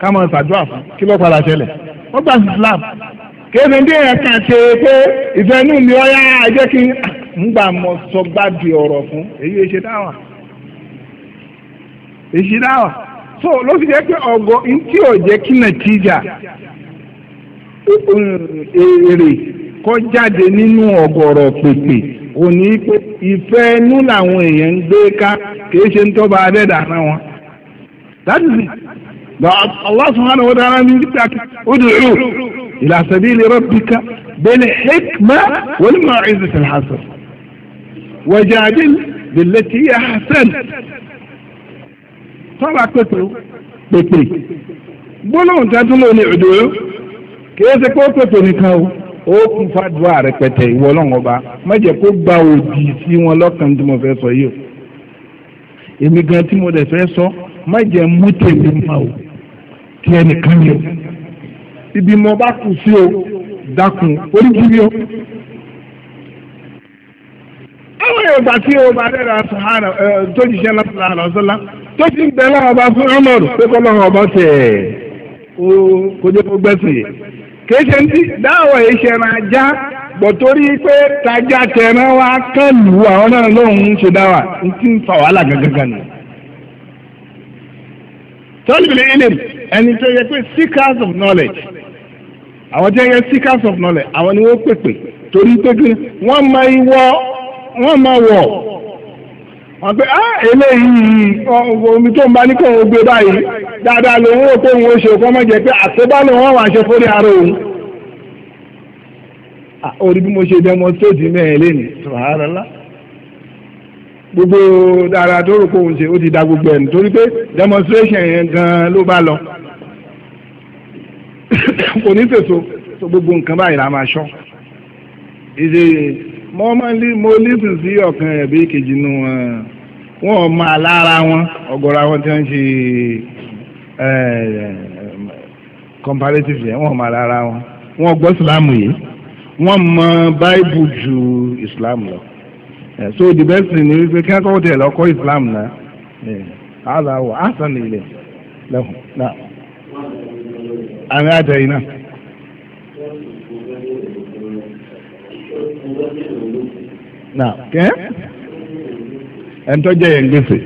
ká máa ṣàdúrà fún kí ló padà ṣẹlẹ̀ wọ́n gbà sí Islam kéde pé ìfẹ́ inú mi kí n ah, gbà mọ̀ sọ gbàdì ọ̀rọ̀ fún èyí èṣe dáwà èṣe dáwà so ló fi jẹ́ pé ọgọ́ ntí ò kí jà èrè kọ́ jáde nínú pèpè òní pé ìfẹ́ inú làwọn Allah subhanahu wa ta'ala ní ud'u ila sabili rabbika bil hikma wal maw'izati al hasana wajadil billati hiya ahsan tọ́lá pépè pépè gbólóhùn tẹ́tù ló ní odò kìí ṣe kó pépè nìkan o ó kún fàdúrà rẹpẹtẹ ìwọ ọlọ́run ọba má jẹ́ kó gba òdì sí wọn lọ́kàn tí mo fẹ́ sọ yìí o èmi gan tí mo dẹ̀ fẹ́ sọ má jẹ́ mú tèmi mọ́ o kí ẹnìkan ni o ibi mo bá kù sí o dákun oríjì mi o. àwọn yorùbá tí o bá rẹ̀ ra sahara tó jíṣẹ́ lọ́sọ̀lá àlọ́sọ́lá tó ti ń bẹ lọ́wọ́ ọba fún ọmọrù pé kọ́ lọ́wọ́ ọba tẹ̀ ẹ́ kó jẹ́ kó gbẹ́sìn yìí kìí ṣe ní dáwọ̀ ìṣẹ̀ràn ajá bọ̀ torí pé tajá tẹ̀ràn wa kẹ́lù àwọn náà lóun ń ṣe dáwà ń ti ń fa wàhálà gangan nù. tọ́lùbìlì ilẹ̀ ẹni tó yẹ pé seekers of knowledge àwọn tó yẹ seekers of knowledge àwọn ni wọ́n pèpè torí pé kí wọ́n máa wọ wọ́n máa wọ̀ wọ́n pe ah eléyìí omi tó ń bá ní kò ń gbé báyìí dáadáa lòun ò tó òun ó ṣe kọ́ mọ́ jẹ́ pé àṣebá lòun wọ́n wà ṣe fórí ara òun orí ah, bí mo ṣe demonstrate mẹ́rin lẹ́nu sàrànlá gbogbo dára tó rò kóhun ṣe ó ti da gbogbo ẹ̀ nítorí pé demonstration yẹn gan-an ló bá lọ kò ní tètò tó gbogbo nǹkan báyìí la máa ṣọ́ ìṣe mo máa ń lé mo lẹ́sìn sí ọ̀kan ẹ̀bí kejì nu wọn wọn máa lára wọn ọ̀gọ̀rọ̀ àwọn tí wọ́n ṣe comparative yẹn wọn máa lára wọn wọn gbọ́ ìsìlámù yìí wọn mọ báìbù ju ìsìlámù lọ so the best thing ni wípé kí wọn kọ́ tẹ̀ lọ́kọ́ ìsìlámù náà àlàó àṣà nìyẹn lẹ́hùn náà àmì àtẹ̀yìn náà. nà kẹ́ ẹ̀ńtọ́ jẹ́ yẹn gbèsè.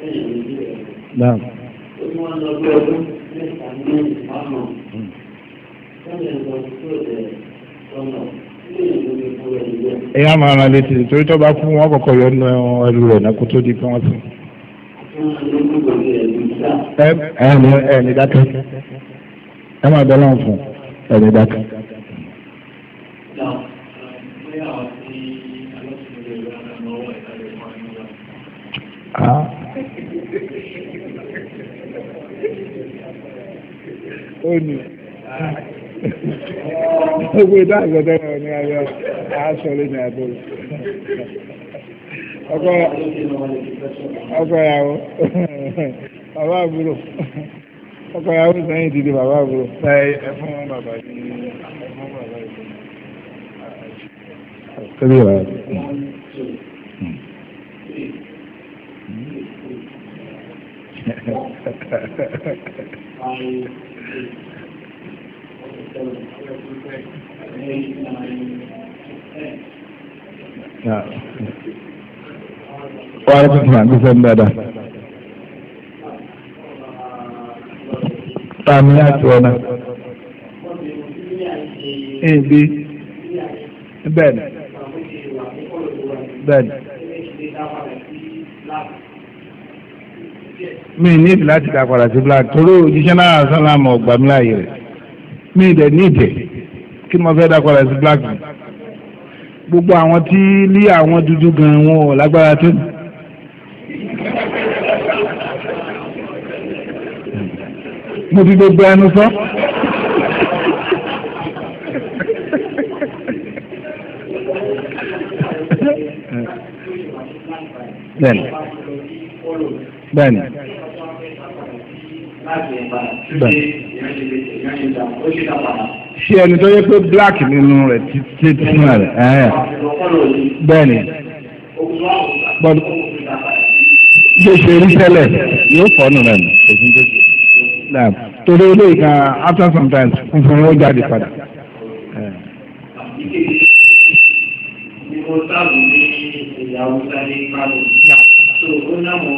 Thank hmm. you. Naam. ó ní wọn lọ bí ọdún mẹ́ta mẹ́rin márùn sọlẹ lọ sóde ọnà èyí á máa ràn létí torí tó bá kú wọn kọ́kọ́ yọ nínú ẹrù náà kó tó di pé wọn sùn. ẹ ẹ ní ẹ ní dákẹ́ ẹ máa bẹ lọ́n fún ẹ ní dákẹ́. Ah. ó ní gbogbo ìdáàbò tó wà ní ayọ̀ aṣọ lè ní àbúrò ọkọ ìyàwó bàbá àbúrò ọkọ ìyàwó sẹ́yìn ti di bàbá àbúrò ẹ fún wọn bàbá yìí ẹ fún Thank you. Wàhálà tó fún àgbẹ̀fẹ́ ń dáadáa. Tàmí láti ọ̀nà. Ẹ̀ẹ́dì. Bẹ́ẹ̀ni. Bẹ́ẹ̀ni. mi ní ìdí láti dà padà sí black torí òjíṣẹ́ náà sálàmù ọgbà mi láàyè rẹ̀ mi ìdẹ̀ ní ìdẹ̀ kí ni mo fẹ́ dà padà sí black mi. gbogbo àwọn tí lé àwọn dúdú gan wọn ò lágbára tó ní. mo fi gbogbo ẹnu sọ. bẹ́ẹ̀ni bẹ́ẹ̀ni ṣé ẹni tó yẹ pé black nínú rẹ̀ títí tínú rẹ̀ bẹ́ẹ̀ni bọ́dọ̀ ṣe ṣe rí tẹ́lẹ̀ yóò fọ́nù rẹ̀ nù torí olóyè kan after some time funfun ó jáde padà. Ìgbésẹ̀ ni mo sábà ní ìyàwó sáré pàdé. Tó o náà mọ̀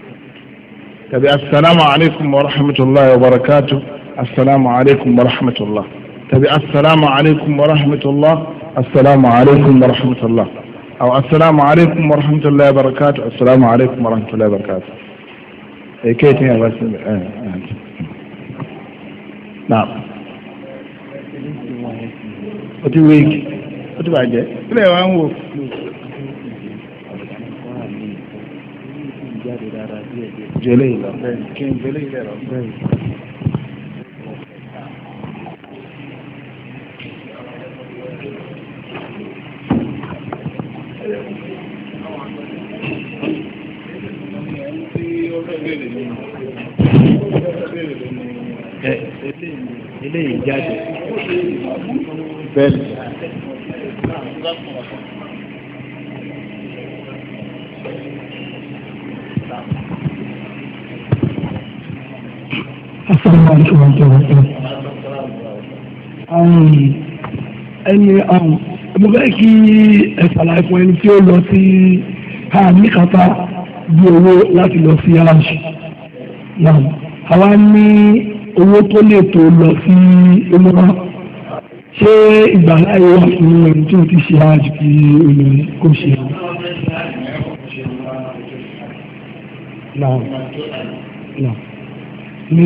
tàbí asalaamu alaykum wa rahmatulahi wa barakatu asalaamu alaykum wa rahmatulah tàbí asalaamu alaykum wa rahmatulah asalaamu alaykum wa rahmatulah aw asalaamu alaykum wa rahmatulahi wa barakatu asalaamu alaykum wa rahmatulahi wa barakatu. ee keeti nga baasi ee naam. o ti wéyiki o ti bàjẹ́ kílẹ̀ wa ń wò. jáde dáadáa díẹ̀ díẹ̀. jẹlẹ yìí lọ. bẹ́ẹ̀ni kí n jẹlẹ yìí lọ. bẹ́ẹ̀ni. eléyìí jáde bẹ́ẹ̀ni. asalaamualeykum wa rahmatulahi. ẹni mo fẹ́ kí ẹ ṣàlàyé ẹni tí ó lọ sí àmì kàtà bí owó láti lọ sí aláṣẹ àwa ní owó tó lè tó lọ sí ọmọdé ṣé ìgbà láyé wà fún ẹni tí ó ti ṣe àjù kí olórí kò ṣe. ní.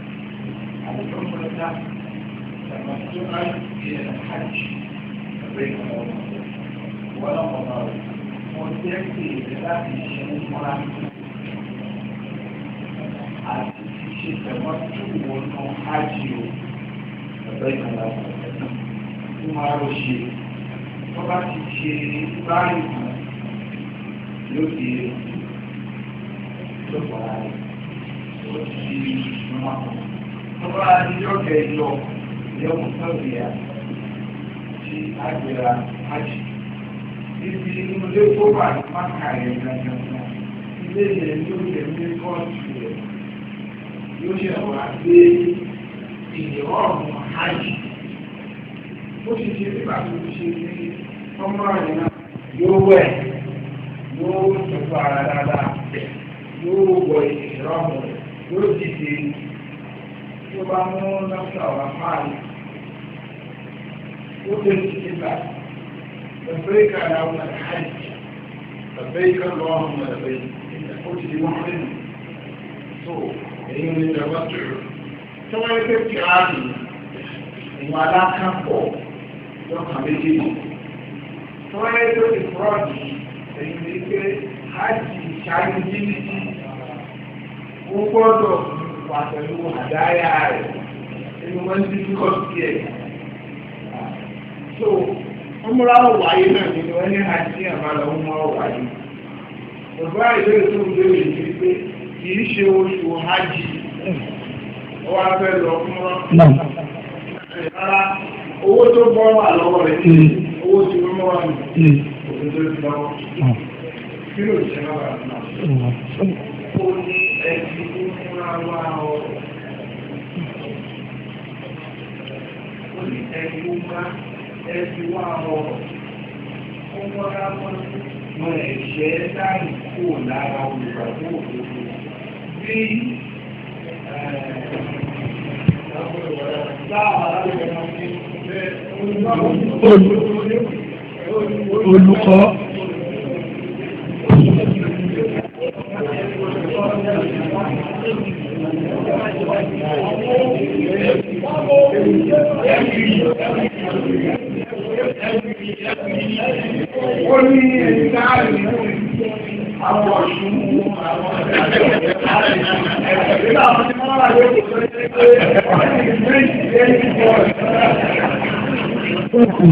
مفتوحا إلى الحج بين ولا مضار وتأتي بأهل الشمس مرحبا àti ṣíṣe tẹ̀mọ́tò wọnú ájì o ẹ̀fẹ́ ìkàlà tó máa lọ ṣe tó bá ti ṣe báyìí kan lóde lọ́pàá rẹ̀ ó ti máa kọ̀. Ọba adéjọ́kẹ̀ ìjọ ìyẹ́wò sọ́ọ̀dìyà ti àgbèrà ájì. Ibi ilé tó wà ní Máka yẹn Ilé yẹn yóò yẹ ní kọ́ọ̀tù rẹ̀. Yóò yẹ wá gbé ìyẹ̀wò ọ̀hún ájì. Ó ti ṣe nígbà tó ti ṣe ní ọmọ rẹ̀ náà. Yóò wẹ̀ yóò tẹ̀kọ́ ara dáadáa. Yóò wọ ìṣẹ̀rọ̀ ọ̀hún Yóò ti ṣe tó bá mú nọ́ọ̀sà wà fáàlì ó lè ti ti bá lọ́bẹ́ẹ̀kà àwọn àlàájì lọ́bẹ́ẹ̀kà lọ́wọ́ lọ́bẹ́ẹ̀ ó ti di wọ́n lẹ́nu tó èyí ni ìjọba tó tí wọ́n yẹ pé kí á nì ìwọ̀n alákàpọ̀ lọ́kàn méjèèjì tí wọ́n yẹ pé kí fúrọ́ọ̀dì èyí ni pé á ti ṣáájú yìí gbọ́dọ̀ fa pẹ̀lú àdáyà rẹ̀ nínú wọn ti kọ́ sí ẹ̀. so ọmọlá ọ̀wọ̀ ayé náà ni wọ́n ní àti àmàlà ọmọ ọ̀wọ̀ ayé. bàbá ìbéèrè tó ń béèrè ní pé kì í ṣe oṣù hajj ọwọ́ abẹ́ lọ fún wọn. rárá owó tó bọ́ wà lọ́wọ́ rẹ̀ hmm. owó tí wọ́n mọ́ wà ní òṣèlú tó ti lọ́wọ́. kí ló ń ṣe náà bàbá náà. ó ní ẹni tó ń máa wá ọ. ó ní ẹ̀dùn wá ẹ̀dùn wá ọ. ó mọ́ra mọ́ mọ ẹ̀ṣẹ́ láì kó lára olùgbàgbọ́ òdodo. bí olùkọ́. ó ní ẹni láàrin àwọn ọ̀ṣun àwọn ẹ̀ṣẹ̀ nígbà wọn ti máa wà lóko lórí ẹgbẹ́ ìgbésí ẹni bọ̀ ọ̀ṣun.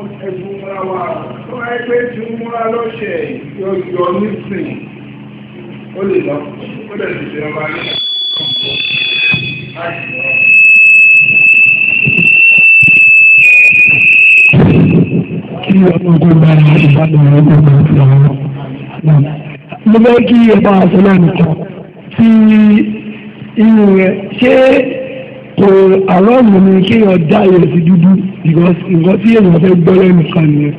Ẹ̀sùn múra wà tó ẹgbẹ́ tí ń múra lọ́ṣẹ̀ yọ yọ nísìn ó lè lọ, ó lè lè jẹ́ ní ọ̀pọ̀ láti bá ní ìbádọ̀ Mo fẹ́ kí ẹ bá aṣọ lẹ́nu tí inú rẹ̀ ṣé kò àrọ́ọ̀mù ni kéèyàn dá ìrẹsì dúdú nǹkan tí èèyàn fẹ́ gbọ́ lẹ́nu kan nìyẹn.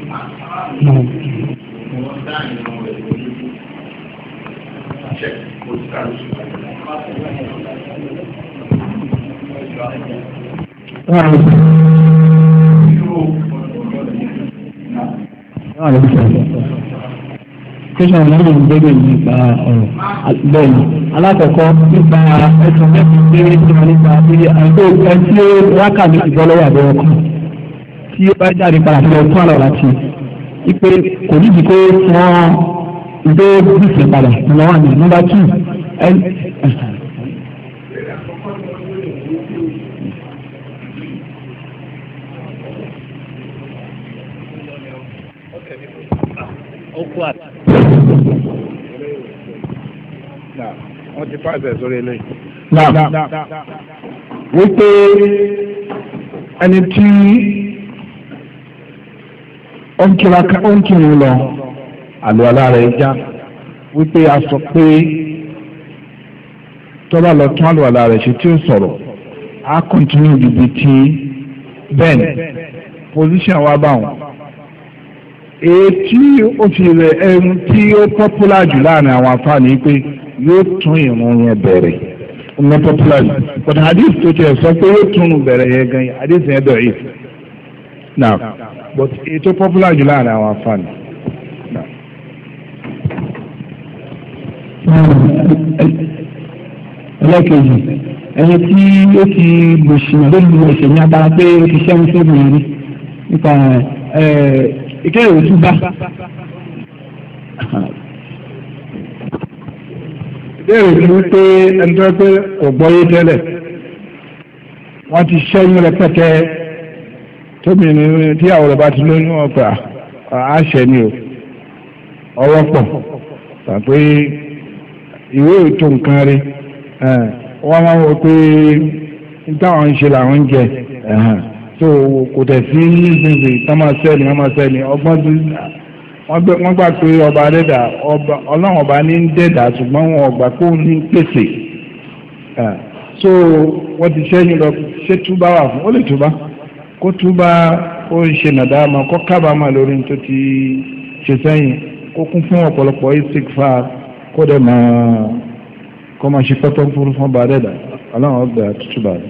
Thank tẹsán náà ló ń gbẹ́gbẹ́ yìí gba ọ̀rọ̀ bẹ́ẹ̀ ni alákọ̀ọ́kọ́ nípa ẹ̀sùn mẹ́sàn-án péré tí wọ́n nípa pé àgbo ẹtí ó rákà ní ìgbọ́lọ́wọ́ àbẹ̀wọ̀ kan tí ó bá jáde padà sí ọtún àlọ́ láti ipe kò nídìí pé wọ́n gbé bíìsì padà nọ́mbà wà ní nọ́mbà tù ẹn. Okay wọ́n ti pàṣẹ sórí eléyìí. wípé ẹni tí ó ń tiraka ó ń kiri lọ àlùwàlá rẹ̀ já wípé a sọ pé tọ́ba lọ tún àlùwàlá rẹ̀ ṣe tí ó sọ̀rọ̀ a kọ́ntínú ibi tí bẹ́ẹ̀ ni pòsíṣàn wa báwọn ètí òṣèré ẹnu tí ó pọ́pùlà jù láàrin àwọn afáàní pé yóò tún ìrun yẹn bẹ̀rẹ̀ ọmọ pọ́pùlà jù but hadith tó tiẹ̀ sọ pé yóò tún bẹ̀rẹ̀ yẹn gan yẹn hadith yẹn dọ̀ yìí now but ètò pọ́pùlà jù láàrin àwọn afáàní. ẹlẹ́kẹ̀jì ẹni tí ó ti lòṣìnà lórí ìṣẹ̀yìn abára pé ó ti ṣẹ́yìn sí ìròyìn nípa ẹ̀ ìkéyìn òtún bá ìbéèrè ti wípé ẹni tó pé ògbọ́yé tẹ́lẹ̀ wọ́n ti ṣẹ́yìn rẹpẹtẹ tóbi tí àwọn ọ̀rọ̀ bá ti lóyún ọgbà àṣẹ ni o ọwọ́ pọ̀ tàbí ìwé ètò nǹkan rí wọ́n máa ń wọ pé táwọn ń ṣe làwọn ń jẹ so kò tẹ̀ sí nísinsìnyí ká máa sẹ́ni ká máa sẹ́ni ọgbọ́n ti wọ́n gbà pé ọba dẹ́dà ọlọ́run ọba ní ń dẹ́dà ṣùgbọ́n wọn ọgbà kó ní pèsè so wọ́n ti sẹ́yìn lọ ṣé túbá wà fún ó lè túbá kó túbá ó ń ṣe nàdáàmà kó kábàámà lórí tó ti ṣe sẹ́yìn kó kún fún ọ̀pọ̀lọpọ̀ istikfa kó dẹ̀ máa kó máa ṣe pẹ́pẹ́ fúru fún ọba dẹ́dà ọlọ́run ọgbà tútù bàrẹ̀.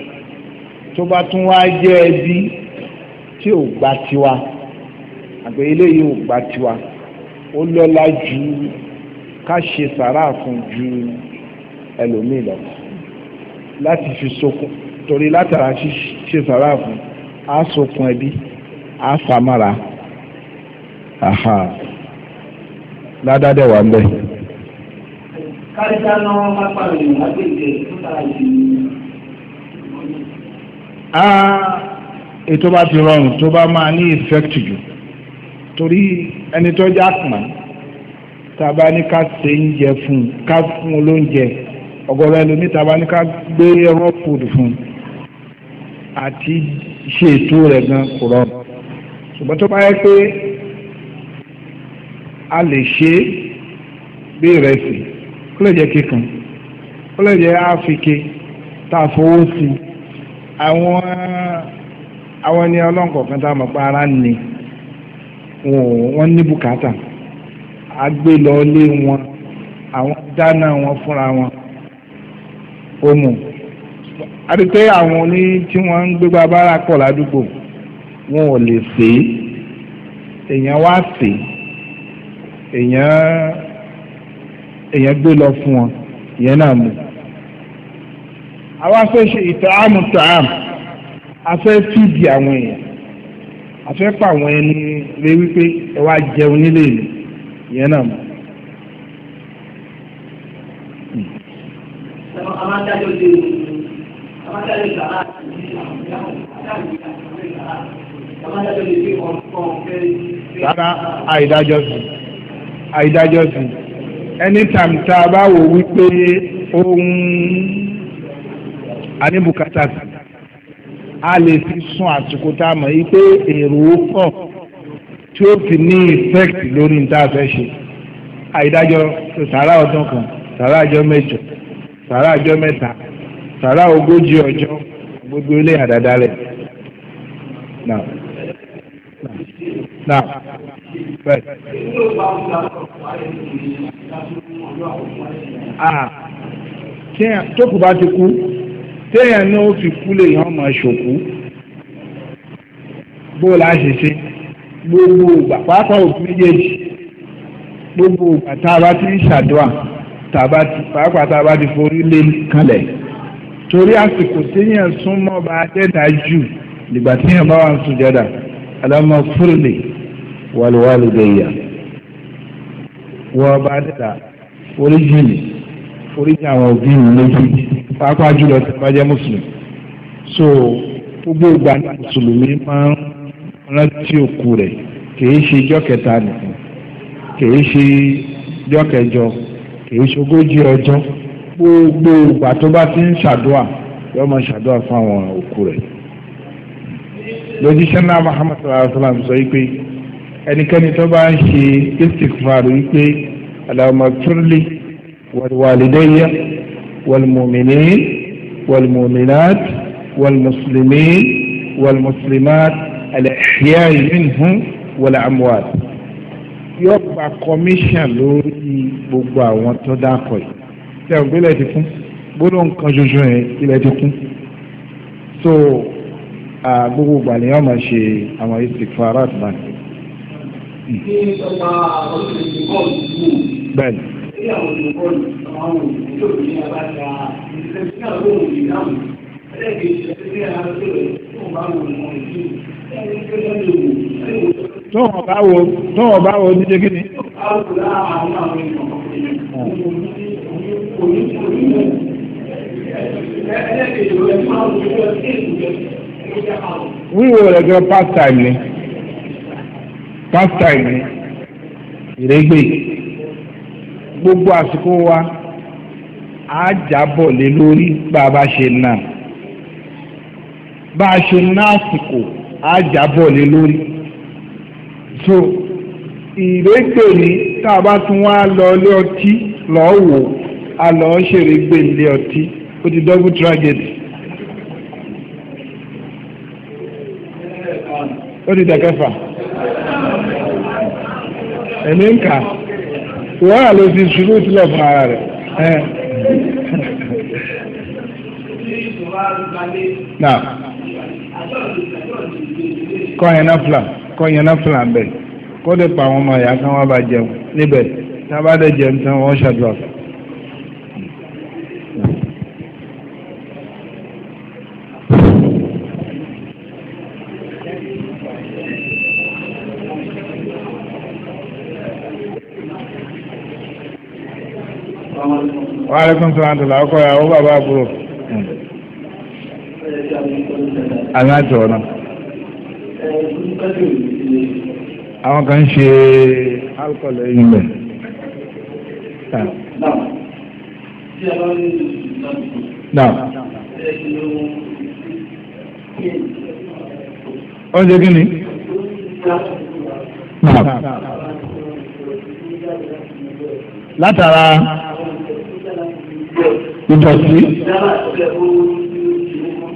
tó bá tún wá jẹ́ ẹbí tí ò gba tiwa àgbẹ̀ eléyìí ò gba tiwa ó lọ́lá ju ká ṣe sàrà fún ju ẹlòmíì lọ láti fi sokun torí látara ṣe sàrà fún á sokun ẹbí á fàmàrà aha ládàdẹ wà ń bẹ. káríkà náà wọn bá pàrọ̀ ìwádìí ìjẹ́ tó tara ìdí ètò bá ti rọrùn tó bá máa ní effect jù torí ẹni tó já pọ̀n tàbá ní ká ṣe oúnjẹ fún un ká fún un lóúnjẹ ọ̀gọ̀rọ̀ ẹlòmíì tàbá ní ká gbé raw food fún un àti ṣe ètò rẹ̀ gan kò rọrùn ṣùgbọ́n tó bá yẹ pé a lè ṣe bí ìrẹsì ó lè jẹ́ kíkan ó lè jẹ́ áfíkè tá a fowó sí i àwọn àwọn ẹni ọlọ́nkọ̀ọ̀kan tá a mọ̀ pé ara ni wọ́n ní bùkátà agbélọ́lé wọn àwọn dáná wọn fúnra wọn ó mú àti pé àwọn oní tí wọ́n ń gbégbá bára pọ̀ ládùúgbò wọn ò lè sè é èèyàn wá sè é èèyàn èèyàn gbé lọ fún wọn ìyẹn náà mú àwa fẹ́ ṣe ìtààmù tààmù a fẹ́ fìdí àwọn èèyàn a fẹ́ pa àwọn ẹni rẹ wípé ẹ wá jẹun nílé mi ìyẹn náà mọ̀. rárá àìdájọ́ sí àìdájọ́ sí anytime tá a bá wò wípé ohun anibukata sí a lè fi sún àsìkò tá a mọ̀ yìí pé èrò pọ̀ tí ó fi ní effect lórí ní tá a fẹ́ ṣe àìdájọ́ sàrà ọdún kan sàrà àjọ mẹ́jọ sàrà àjọ mẹ́ta sàrà ogójì ọjọ́ gbogbo ilé àdáda rẹ̀ náà náà bẹ́ẹ̀. ah tó kù bá ti kú téèyàn náà ó fi kú lè yàn ọmọ ṣòkú bó la ṣe ṣe gbogbo ògbà pàápàá òkú méjèèjì gbogbo ògbà tá a bá ti ń ṣàdúrà pàápàá tá a bá ti forí lé kanlẹ̀ torí àsìkò téèyàn súnmọ́ bá dẹ́ta jù nígbà téèyàn bá wà ń sùjádà alámọ̀ fúrúlé wàlúwàlú gẹ̀yà wọ́n bá dẹ́ta orí jìnnì foríjì àwọn òbí mi méjì pàápàá jùlọ tí wọ́n jẹ́ mùsùlùmí so gbogbo ìgbà ní mùsùlùmí máa ń rántí òkú rẹ̀ kìí ṣe ijọ́ kẹta nìkan kìí ṣe ijọ́ kẹjọ kìí ṣe ogójì ọjọ́ gbogbo ìgbà tó bá ti ń ṣàdúà yóò máa ṣàdúà fún àwọn òkú rẹ̀ lójúṣẹ́ náà Muhammad sallallahu alayhi wa sallam sọ wípé ẹnikẹ́ni tó bá ń ṣe istikfar wípé Allahumma firli. والوالدي والمؤمنين والمؤمنات والمسلمين والمسلمات الأحياء منهم والأموات yóò gba commission lórí gbogbo àwọn tó dákọ̀ yìí tẹ ò gbélé ti kún gbólóhùn kan ṣoṣo yẹn ilẹ̀ ti kún so gbogbo ìgbà ni wọ́n máa ṣe àwọn istighfarat náà. bẹ́ẹ̀ni tí àwọn olùkọ́ àwọn olùkọ́ yóò ní abájá ìṣẹ́ tí àwọn olùkọ́ yìí dáhùn ẹlẹ́gbẹ̀ẹ́ ìṣẹ́ tí àwọn olùkọ́ yìí tó bá wò ní wọn yìí ẹni tó lọ́dọ̀ wò. tọ́wọ̀n bá wo tọ́wọ̀n bá wo ní jẹ́gí ni. wíwo rẹ̀ gan pastime ni pastime ni ìrẹ́gbẹ̀ẹ́ gbogbo àsìkò wa á jábọ̀ lé lórí bá a bá ṣe náà bá a ṣe ná àsìkò á jábọ̀ lé lórí so ìrégbè ni tá a bá tún wá lọ ilé ọtí lọ́ọ́ wò a lọ́ọ́ ṣèrégbè ilé ọtí ó ti double tragedy. ó ti dẹ̀kẹ́fà ẹ̀mí ń wàhálà ló ti ṣubú sílẹ̀ fún ara rẹ̀. na kọ́ yẹn náà fìlà kọ́ yẹn náà fìlà bẹ́ẹ̀ kó lè pa àwọn ọmọ ìyá kan wá bá jẹun níbẹ̀ tí wọ́n bá dẹ̀ jẹun tán wa alaikum salaam tó làákọ̀ ya ó bàbá àbúrò. aláàtọ̀ ọ̀nà. àwọn kan ń ṣe alcohol ẹyin bẹ̀. oúnjẹ kí ni. látara ìdọ̀tí.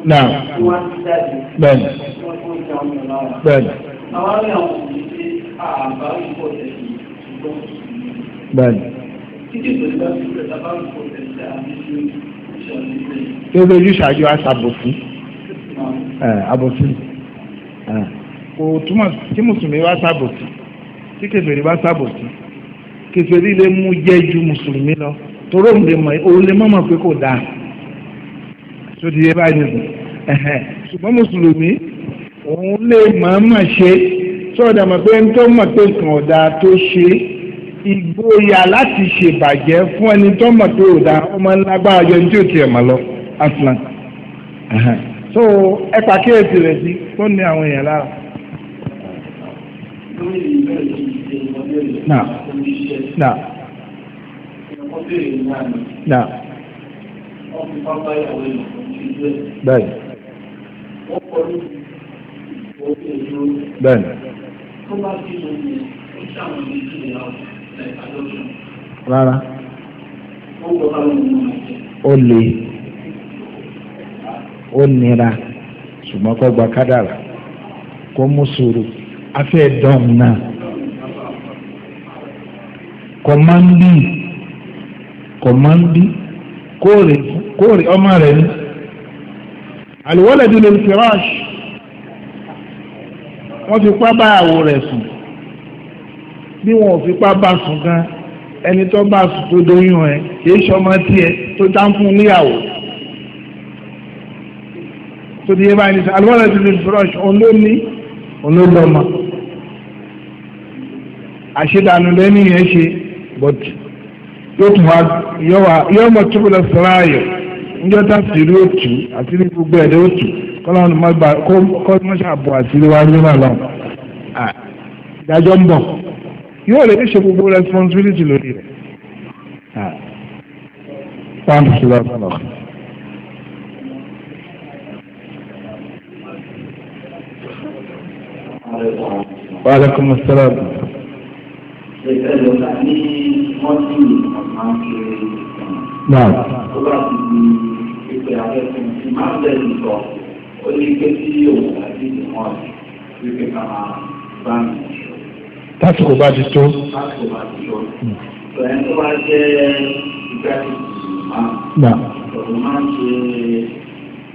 náà bẹ́ẹ̀ni bẹ́ẹ̀ni. bẹ́ẹ̀ni. Ṣé ojú ṣáájú aṣàbòsí? Àbòsí. Kò túmọ̀ tí Mùsùlùmí wá sábòsí, tí kèfèrí wá sábòsí, kèfèrí lè mú jẹ́ ju Mùsùlùmí lọ tóró ń lè mọ̀ òun lè mọ̀ mọ̀ pé kò dáa tó di yé báyìí nìkan ṣùgbọ́n mùsùlùmí òun lè máa mà ṣe sọ̀dà mọ̀ pé ń tó mọ̀ pé nǹkan ọ̀dà tó ṣe ìgboyà láti ṣèbàjẹ́ fún ẹni tó mọ̀ pé ọ̀dà ọmọ ńlágbára jẹ ní tí ò tiẹ̀ mọ̀ lọ aslan so ẹ pàkíyèsí rẹ̀ sí tó ní àwọn èèyàn lára. Now, now náà. bẹ́ẹ̀ni. bẹ́ẹ̀ni. rárá. ó le ó nira ṣùgbọ́n kó gba kádàrà kó mú sùúrù afẹ́ dán náà kò máa ń bí kò máa ń bí kóòrè kóòrè ọmọ rẹ̀ ni àlùwọ́lẹ̀dù lè fi rush wọ́n fi pá bá àwò rẹ̀ sùn bí wọn ò fi pá bá sùn gan ẹni tó bá sùn tó doyún ẹ kìí ṣọmọ tiẹ̀ tó dá ń fún níyàwó tó di yẹn báyìí nìkan àlùwọ́lẹ̀dù lè fi rush òun ló ní òun ló lọ́mọ lẹ́nu yẹn ṣe but yóò tún wá yóò mọ tó lọ sọ̀rọ̀ ayọ̀ níjọ́ tá sì rí òtù àti ní gbogbo ẹ̀dẹ́ òtù kọ́lá wọn má gba kó má ṣàbọ̀ àti ní wá ní náà lọ. ìdájọ́ ń bọ̀ yóò lè ṣe gbogbo responsibility lórí rẹ̀. Thank you, Lord. Wa alaikum assalam wọ́n ti lè máa ń ṣe ìtàn. tó bá ti di pípẹ́ afẹ́fẹ́ tí máa ń bẹ̀rù sọ ó ní pé tí òun àti ìdìmọ̀ rẹ̀ pípẹ́ ká máa bá mi. lásìkò bá ti tó. lásìkò bá ti tó. ìgbàlẹ́ tó bá jẹ́ ìgbàlejò máa ọ̀rọ̀ máa ń ṣe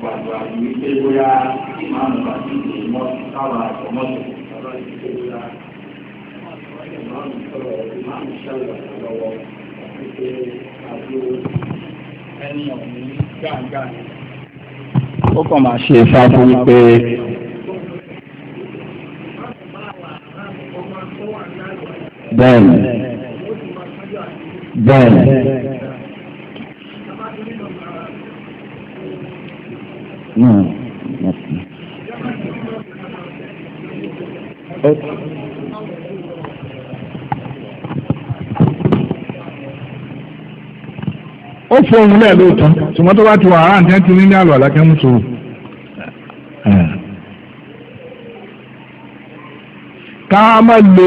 gbàgbà wípé bóyá ìmáàmù bàbá ìdè mọ́tò táwọn àtọ̀mọ́tò bàbá ìdè bóyá ìmáàmù sọ̀rọ̀ ìmáàmù sọ̀rọ̀ lọ́wọ́ wípé àbí ẹni ọ̀hún ó kàn máa ṣe ìfá fún pé. bẹ́ẹ̀ni bẹ́ẹ̀ni. Mm. fóun lẹ̀ lóòótọ́ ṣùgbọ́n tó bá ti wà á àǹtí ẹ̀ ti ní ní àlọ́ àlákẹ́ mú sòrò. ká má lo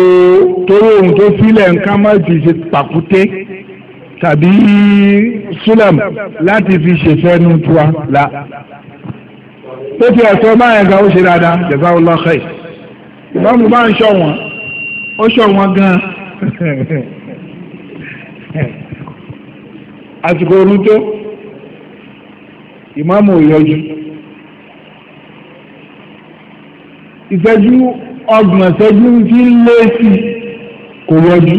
torí ohun tó sílẹ̀ ká má fi ṣe pàkúté tàbí sulam láti fi ṣèfẹ́nu tiwa la ó ti ẹ̀sọ́ báyẹn gan ó ṣe dáadáa jazakallahu khair ìbámu bá ń ṣọ wọn ó ṣọ wọn gan. àsìkò oorun tó ìmáàmù òyọjú ìṣẹ́jú ọgbọ̀n ìṣẹ́jú ti ń lé sí kò yọjú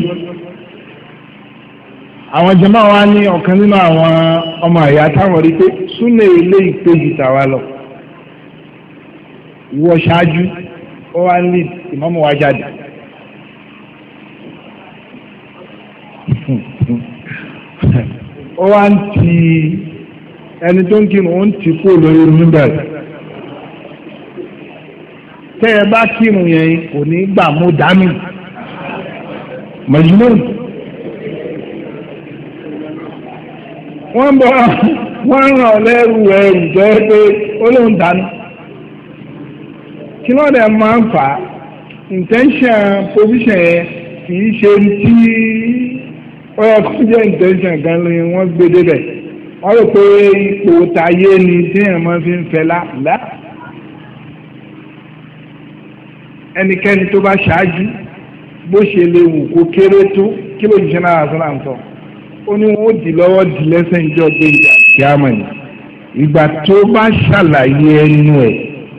àwọn jàmá wa ní ọ̀kan nínú àwọn ọmọ ẹ̀yà táwọn rí pé súnlẹ̀ ilé ìpéjì tàwa lọ ìwọ ṣáájú ó wá ń ìmáàmù wa jáde. ó wá ń ti ẹni tó ń kírun ó ń ti kó lórí irun bẹ́ẹ̀ tẹ́ ẹ bá kírun yẹn kò ní gbà mú dámì mọ̀júmọ́n wọ́n bọ̀ wọ́n ràn ọ́ lẹ́rù ẹrù jẹ́ pé ó lóun dáná kí ló dẹ̀ máa ń fà intention position yẹn kì í ṣe ti ó yẹ kó jẹ́ intention gan ni wọ́n gbé débẹ̀ wọ́n rò pé ipò tayé ni téèyàn máa fi ń fẹ́ láàlá ẹnikẹ́ni tó bá ṣáájú bó ṣe lè wù kó kéré tó kí ló jíṣẹ́ náà àtúnà ń tọ́ ó ní wọn ó dì lọ́wọ́ dì lẹ́sẹ̀ ìjọ gbé ìjà kí á mọ̀ yìí ìgbà tó bá ṣàlàyé ẹnu ẹ̀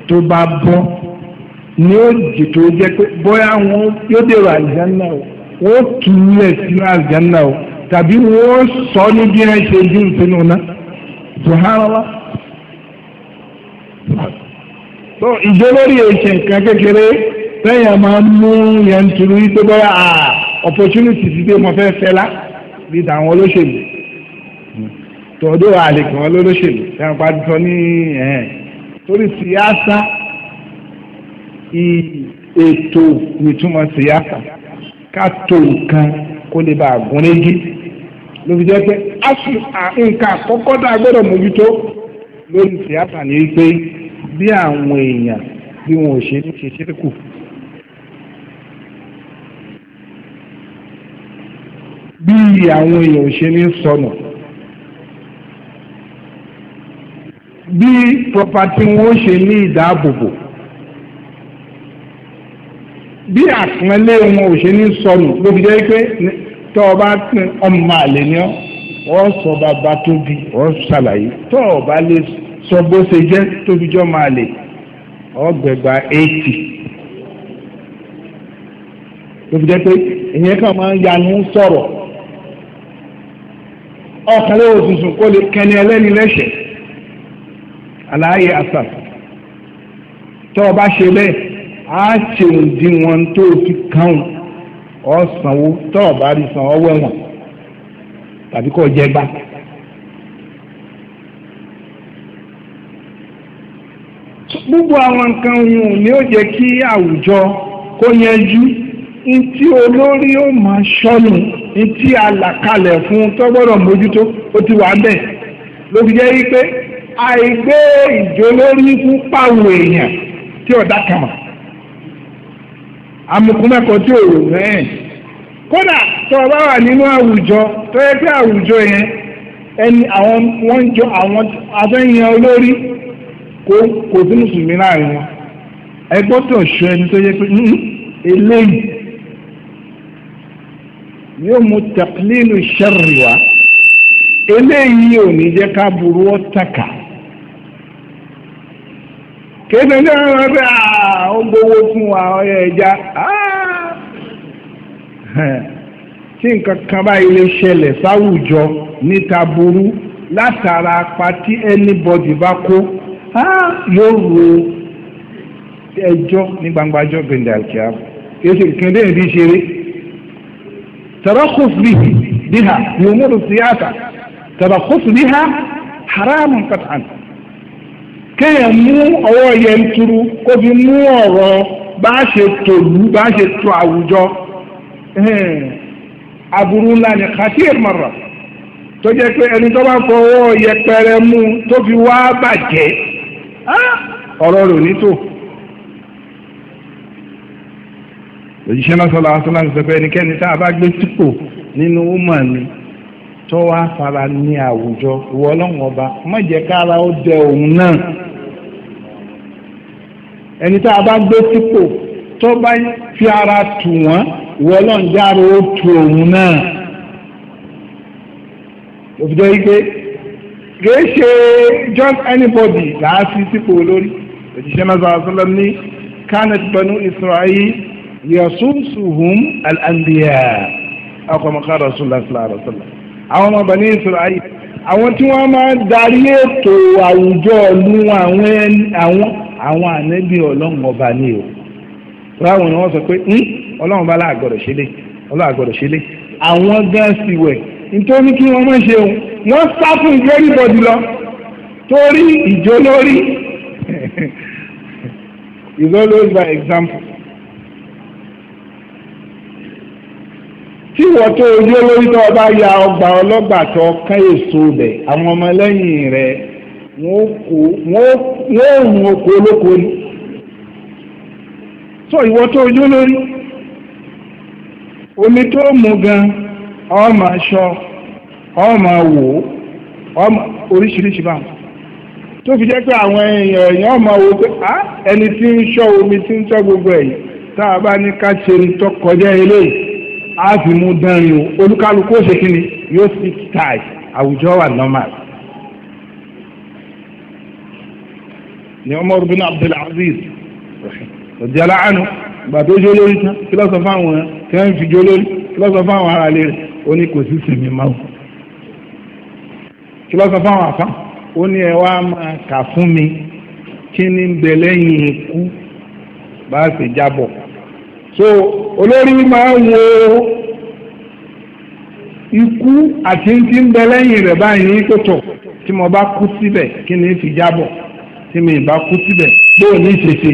tó bá bọ́ ni ó dì tó jẹ́ pé bóyá wọn yóò dèrò àlùjánnà o wọ́n kì í lẹ̀ sínú àlùjánnà o tàbí wọ́n sọ ní bí ẹ ṣe dí ìpinnu náà subhanallah. tó ìjọ lórí èṣẹ̀ nǹkan kékeré lẹ́yìn àmà mú yẹn turu yìí tó bẹ́ẹ̀ à opportunity ti dé mo fẹ́ fẹ́ la bí tàwọn olóṣèlú tọ́dọ̀ àlèkàn olóṣèlú yẹn pa sọ ní ẹ̀hẹ́n torí síyáṣá ètò nìtúmọ̀ síyáṣá ká tó nǹkan kó lè bá àgùn régé ló fi jẹ́ pé aṣù nǹkan àkọ́kọ́ tá a gbọ́dọ̀ mójútó lórí tìátà ni pé bí àwọn èèyàn bí wọn ò ṣe ní ṣe ṣírkù. bí àwọn èèyàn ò ṣe ní sọnù bí property wọn ò ṣe ní ìdáàbòbò. bí àpọ́nlé wọn ò ṣe ní sọnù ló fi jẹ́ pé tọ́ ọ bá ọmọ àlè ni ọ́ ọ sọ bàbá tó ọ ṣàlàyé tọ́ ọ bá lè sọ bó ṣe jẹ́ tó jọ́ ọ eighty ló fi jẹ́ pé ìyẹn kan máa ń yanu sọ̀rọ̀ òtútù lè ẹlẹ́ni aláàyè àṣà A ṣe òdiwọ̀n tó fi kàn ọ́ sanwó tọ́ ọ̀ bá rí san ọwọ́ ẹ̀wọ̀n tàbí kọ́ jẹ́ gbà. gbogbo àwọn nǹkan ohun ni ó jẹ́ kí àwùjọ kó yanjú ntí olórí ó máa ṣọ́nù ntí àlàkalẹ̀ fún tọ́gbọ́dọ̀ mójútó ó ti wà bẹ́ẹ̀ ló fi jẹ́ wípé àìgbé ìjólórí fún pàwọ̀ èèyàn tí ọ̀dà kàmà amukumẹ́kọ̀ọ́ tí ò rò mẹ́ẹ̀. kódà tó o bá wà nínú àwùjọ tó yẹ pé àwùjọ yẹn ẹni àwọn wọ́n ń jọ àwọn afẹ́yìn olórí kò kò sí mùsùlùmí láàrin wọn ẹ gbọ́dọ̀ ṣọ ẹni tó yẹ pé eléyìí yóò mú taqlilu sharri eléyìí ò ní jẹ́ ká burú ọ́ tàkà kéde ní ọ̀rọ̀ ẹgbẹ́ àwọn gbowó fún wa ọyọ ẹja tí nǹkan kan báyìí lè ṣẹlẹ̀ sáwùjọ níta burú látara apá tí anybody bá kó yóò ro ẹjọ́ ní gbangba ẹjọ́ gbẹ̀ndẹ̀ àkíyá kéde kéde ìdí ṣeré tarakuf bihi biha yomuru siyasa tarakuf biha haramun qat'an kéèyàn mú ọwọ́ yẹn turu kó fi mú ọ̀rọ̀ bá a ṣe tòlú bá a ṣe tó àwùjọ aburú ńlá ni khatir mara tó jẹ́ pé ẹni tó bá fọwọ́ yẹpẹrẹ mú tó fi wá bàjẹ́ ọ̀rọ̀ rẹ̀ ní tó òjíṣẹ́ náà sọ̀rọ̀ àtúnlá ti sọ pé ẹnikẹ́ni tá a bá gbé sípò nínú ọmọ mi tó wá fara ní àwùjọ ìwọ ọlọ́run ọba má jẹ́ kára ó dẹ òun náà ẹni tá a bá gbé sípò tó bá fi ara tù wọ́n ìwọ náà ń járe ó tu òun náà òfìjọ́ yìí pé kìí ṣe just anybody làá fi sípò olórí òṣìṣẹ́ náà sọ̀rọ̀ sọ́lọ́ ní kánẹt banu israel yasusuhum al-anbiya akọ̀mọ̀ká rasulillah àwọn ọmọ bani israel àwọn tí wọ́n máa darí ètò àwùjọ lu àwọn àwọn àwọn ànábì ọlọ́run ọba ni o ráwọn ni wọ́n sọ pé ń ọlọ́run bá láàgbọ̀dọ̀ ṣẹlẹ̀ ọlọ́run àgbọ̀dọ̀ ṣẹlẹ̀ àwọn gan sì wẹ̀ nítorí kí wọ́n mọ̀ ṣe òun wọ́n sá fún ìgbérí bọ̀dì lọ torí ìjó lórí is always by example. tí wọ́n tó ojú olórí tó ọba ya ọgbà ọlọ́gbà tó kán èso bẹ̀ àwọn ọmọlẹ́yìn rẹ̀ wọ́n kò wọ́n rùn oko olóko ni sọ ìwọ tó ojú lórí omi tó mu gan ọmọ aṣọ ọmọ wò ọmọ oríṣiríṣi báwọn tó fi jẹ́ pé àwọn èèyàn èèyàn ọmọ wo pé á ẹni tí ń ṣọ́ omi tí ń tọ́ gbogbo ẹ̀yìn tá a bá ní ká ṣe ń tọ́ kọjá eléyìí á fi mú dánrin o olúkálukú ó ṣe kí ni yóò sì tàì àwùjọ wà normal. ni Umar bin Abdul Aziz ọ̀dí aláàánú gbàtó jó lórí tán kí lọ́sọ̀ fáwọn kí wọ́n fi jó lórí kí lọ́sọ̀ fáwọn ara lè rẹ̀ ó ní kò sí sinmi máa wù kí lọ́sọ̀ fáwọn àfa ó ní ẹ wá máa kà fún mi kí ni ń bẹ lẹ́yìn ikú bá a sì jábọ̀ so olórí máa ń wo ikú àti ti ń bẹ lẹ́yìn rẹ̀ báyìí ní kòtò tí mo bá kú síbẹ̀ kí ni fi jábọ̀ tí mi bá kú síbẹ̀ bóò ní ìṣeṣe.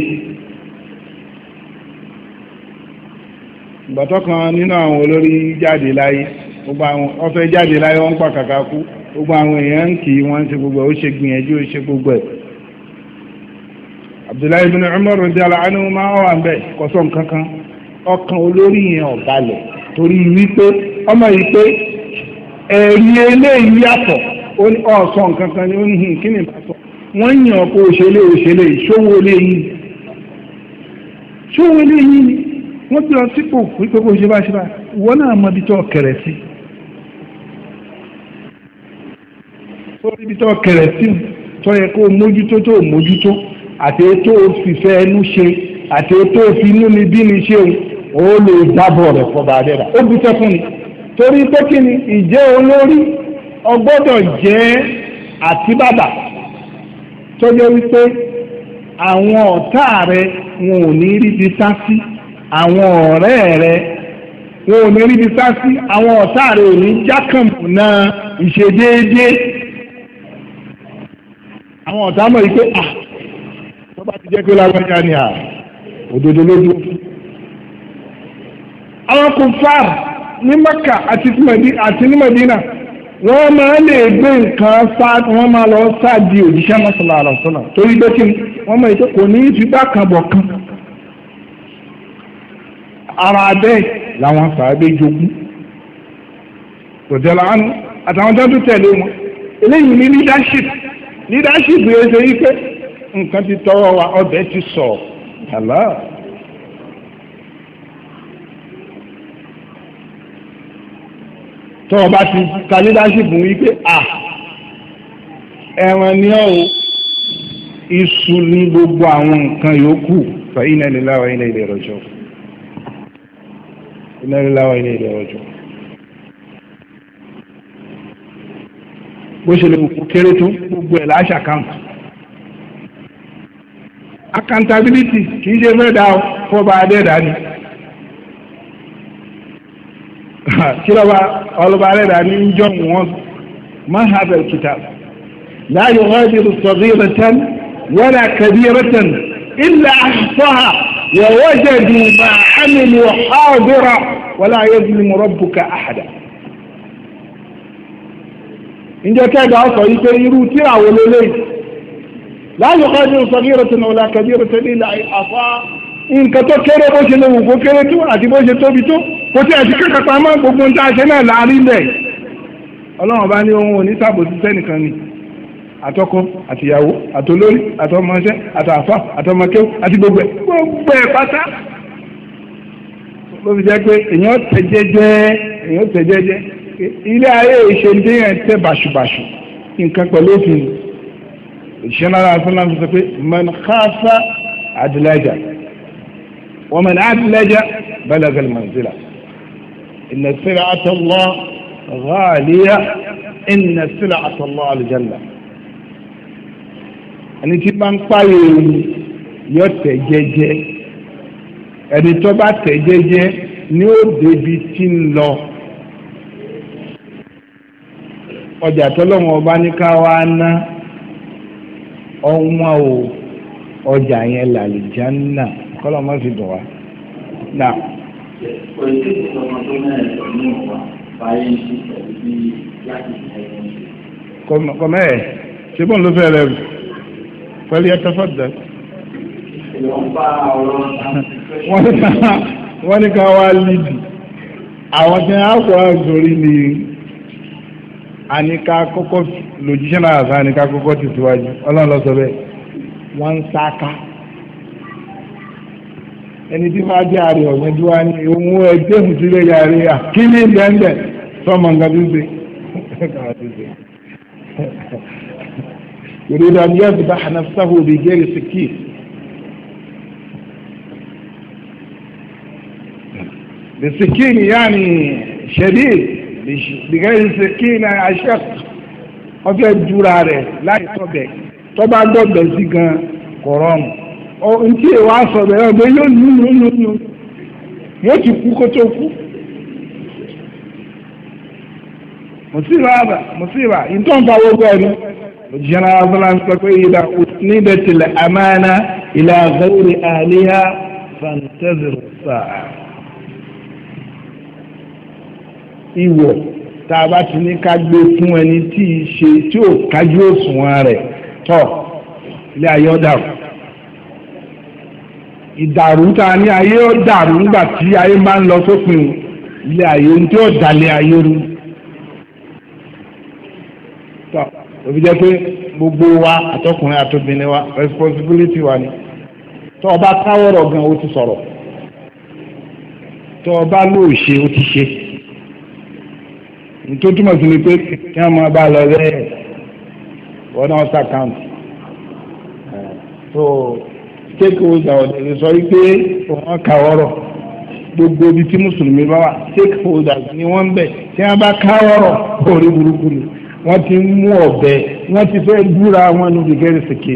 ìgbà tó kan nínú àwọn olórí jáde láyé gbogbo àwọn ọfẹ jáde láyé wọn ń pa kàkà kú gbogbo àwọn èèyàn ń kì í wọn ṣe gbogbo ẹ ó ṣe gbìyànjú ó ṣe gbogbo ẹ. Abdullahi bin Umar radiyallahu anhu máa wà ń bẹ̀ kọ́sọ́ nǹkan kan ọkàn olórí yẹn ò balẹ̀ torí wípé ọmọ yìí pé ẹ̀rí eléyìí yàtọ̀ ọ̀sán nǹkan ni ó ń hìn hmm, kí ni ìbá sọ wọ́n yàn ọkọ òṣèlè òṣèlè ìṣòwò léyìn ṣòwò léyìn wọ́n bí ọ sípò wípé kó ṣe bá ṣe bá wọ́n náà mọ ibi tó kẹrẹ̀ sí sórí ibi tó kẹrẹ̀ sí tó yẹ kó mójútó tó mójútó àti tó fìfẹ́ ẹnu ṣe àti tó fi inú ni bí ni ṣe ó lè dábọ̀ rẹ̀ fọba adẹ́rà ó bí sẹ́kùn ni torí pé kí ni ìjẹ́ olórí ọgbọ́dọ̀ jẹ́ àtíbàbà tó jẹ́ wípé àwọn ọ̀tá rẹ wọn ò ní rí bi sá sí àwọn ọ̀rẹ́ rẹ wọn ò ní rí bi sá sí àwọn ọ̀tá rẹ ò ní jákàmù náà ìṣedéédé àwọn ọ̀tá mọ̀ yìí pé à wọ́n bá ti jẹ́ pé lágbájá ni à òdodo ló dúró fún. àwọn kò fáàrù ní Mẹ́kà àti ní Mẹ́dínà wọ́n máa lè gbé nǹkan sá wọ́n máa lọ sáàdì òjíṣẹ́ mọ́sálà àlọ́sọ́nà torí pé kí wọ́n máa ètò kò ní ìfipá kan bọ̀ kan ara bẹ́ẹ̀ làwọn sàábé jogún òjò làánú àtàwọn tó ń tẹ̀lé wọn eléyìí ní leadership leadership yẹn ṣe yí pé nǹkan ti tọwọ́ wa ọbẹ̀ ti sọ̀ Allah. tó o bá ti ka leadership wípé à ẹran ní ọ̀ iṣu ní gbogbo àwọn nǹkan yòókù fa inna lillahi wa inna ilayhi raji'un inna lillahi wa inna ilayhi raji'un. bó ṣe lè kú kéré tó gbogbo ẹ̀ láṣà kan. accountability kì í ṣe fẹ́ dá ọ fọba adẹ́dá ni. kílọ̀bà ọlọ́bà rẹ̀dà ní jọ wọn máa ha bẹ̀rẹ̀ kìtà láyò rọ́jìrì sọ̀rìrìtàn wọ́nà kàbírìtàn ilà àṣọ́hà wọ́wọ́jẹ̀dù máa àmìlì ọ̀hádùrà wọ́lá yẹ́dùnú mọ̀rọ̀bùkà àhàdà ǹjẹ́ kẹ́gà ọ̀sọ̀ yìí pé irú tíra wo lélẹ́yìí láyò rọ́jìrì sọ̀rìrìtàn wọ́nà kàbírìtàn ilà àṣọ́hà nǹkan tó kéré bó ṣe lè wù kó kéré tó àti bó ṣe tóbi tó kò tí ẹ̀ sí kẹ́kẹ́ pamọ́ gbogbo ń tá a ṣe náà láàrin lẹ̀ ọlọ́run bá ní ohun òní sábòsí sẹ́nìkan ni àtọkọ àtìyàwó àtolórí àtọmọṣẹ́ àtàfà àtọmọkẹ́wò àti gbogbo ẹ̀ gbogbo ẹ̀ pátá ló fi jẹ́ pé èèyàn tẹ̀ jẹ́jẹ́ èèyàn tẹ̀ jẹ́jẹ́ ilé ayé ìṣèǹdéyàn tẹ̀ bàṣùbàṣù nǹkan pẹ̀lú òfin òṣìṣẹ́ náírà asọ́nà sọ pé man khafa adìlẹ́jà wa man adìlẹ́jà balagha إن سلعة الله غالية إن سلعة الله الجنة ẹni tí bá ń pààyè yọ tẹ̀ jẹ́jẹ́ ẹni tó bá tẹ̀ jẹ́jẹ́ ni ó débi tí ń lọ ọjà tọlọ́wọ́n ọba ní ká wá ná ọ̀wọ́n o ọjà yẹn làlìjá náà kọ́lọ́ mọ́ fi dùn wá náà kò sí ìsọmọ tó mẹ́rin tó ní ìwà báyé ń ṣe pẹ̀lú bí láti ṣẹ́yìn ṣe. kọ́mẹ́ ẹ̀ ṣé bọ́n ló fẹ́ rẹ pẹ̀lú ẹ tọ́fọ́dà. ìwọ̀nba ọ̀rọ̀ wọ́n ní ká wá lídì àwọn tí wọ́n á kọ́ àgbòrí ni àníká kọ́kọ́ lòjíṣẹ́ náà àti àníká kọ́kọ́ ti tiwájú ọlọ́run lọ sọ bẹ́ẹ̀ wọ́n ń sáká ẹni tí máa jẹ́ àrẹ ọ̀yẹ́ tí wá ní ohun ẹgbẹ́ ìmùsílẹ̀ yàrá àkíní ìdẹ́ńdẹ̀ sọmọ nǹkan tó ṣe. يريد أن يذبح نفسه بغير سكين بسكين يعني شديد بغير سكين أشق ọfẹ jura rẹ̀ láì tọbẹ tọba dọbẹ sí gan kọrọrùn ohun tí èèwà sọ bẹ̀rẹ̀ ọ̀gbẹ́ yóò nù nù nù nù yóò ti kú kó tó kú. mùsíbà àbà mùsíbà ìtọ́ nǹkan wo bẹ́ẹ̀ ni òjìyàn náà fọlá ń sọ pé ìlà níbẹ̀ tilẹ̀ àmàna ìlà àgbẹ̀wòrì àlíyá fantazir sáà. ìwọ̀ tá a bá ti ní ká gbé fún ẹni tí ì ṣe tí ò kájú òṣùwọ̀n rẹ̀ tọ̀ ilé ayọ́dà rẹ̀ ìdàrú tá a ní ayé ó dàrú nígbà tí ayé máa ń lọ sópin ilé ayé ní tí ó dalẹ̀ ayé rú. tọ́ òbí jẹ́ pé gbogbo wa àtọkùnrin àtobìnrin wa responsibility wa ni tọ́ ọba káwọ́rọ̀ gan o ti sọ̀rọ̀ tọ́ ọba ló ṣe o ti ṣe nítorí túmọ̀ sí ni pé kí wọ́n máa bá a lọ bẹ́ẹ̀ wọ́n náà ṣàkáǹtì. so ṣéèkì ọjà ọ̀dẹ̀ lè sọ wípé wọ́n ka ọ̀rọ̀ gbogbo ibi tí mùsùlùmí bá wà ṣéèkì ọjà ni wọ́n ń bẹ̀ tí wọ́n bá ká ọ̀rọ̀ orí burúkú ni wọ́n ti mú ọ̀bẹ wọ́n ti fẹ́ búra wọn ní gẹ́gẹ́rì sèké.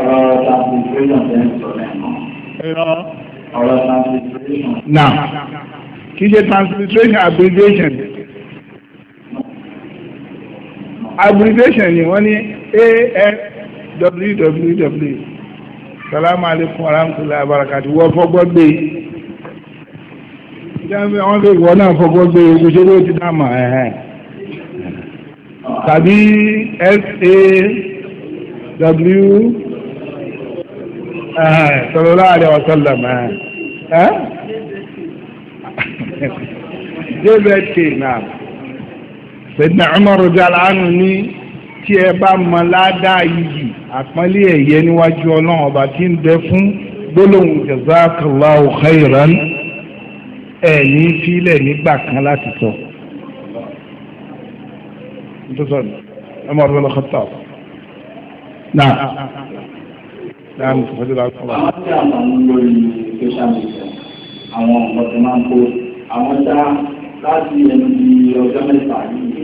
ọ̀rọ̀ transmission ẹ̀ ń sọ lẹ́nu. ọ̀rọ̀ transmission. na kì í ṣe transmission abbreviation. abbreviation ni wọ́n ní www salamu alaykum warahmatulahi wabarakatuh wọ́n fọgbọ́ gbé wọ́n fi wọ́n náà fọgbọ́ gbé ogunṣe ló ti dáàmà ẹ̀hẹ́n tàbí saw sallallahu alayhi wa sallam ẹ̀ jébẹ̀tì náà sẹ́dínà Umar radiyallahu anhu ní tí ẹ bá mọ ládàá yìí àpọ́nlé ẹ̀yẹ níwájú ọlọ́run ọba tí ń bẹ fún gbólóhùn jazakallahu khairan ẹ̀yìn fílẹ̀ nígbà kan láti sọ. Umar bin Khattab. Náà. Náà Àwọn tí tó máa ń kó, àwọn dá láti ẹni di ọjọ́ mẹ́ta yìí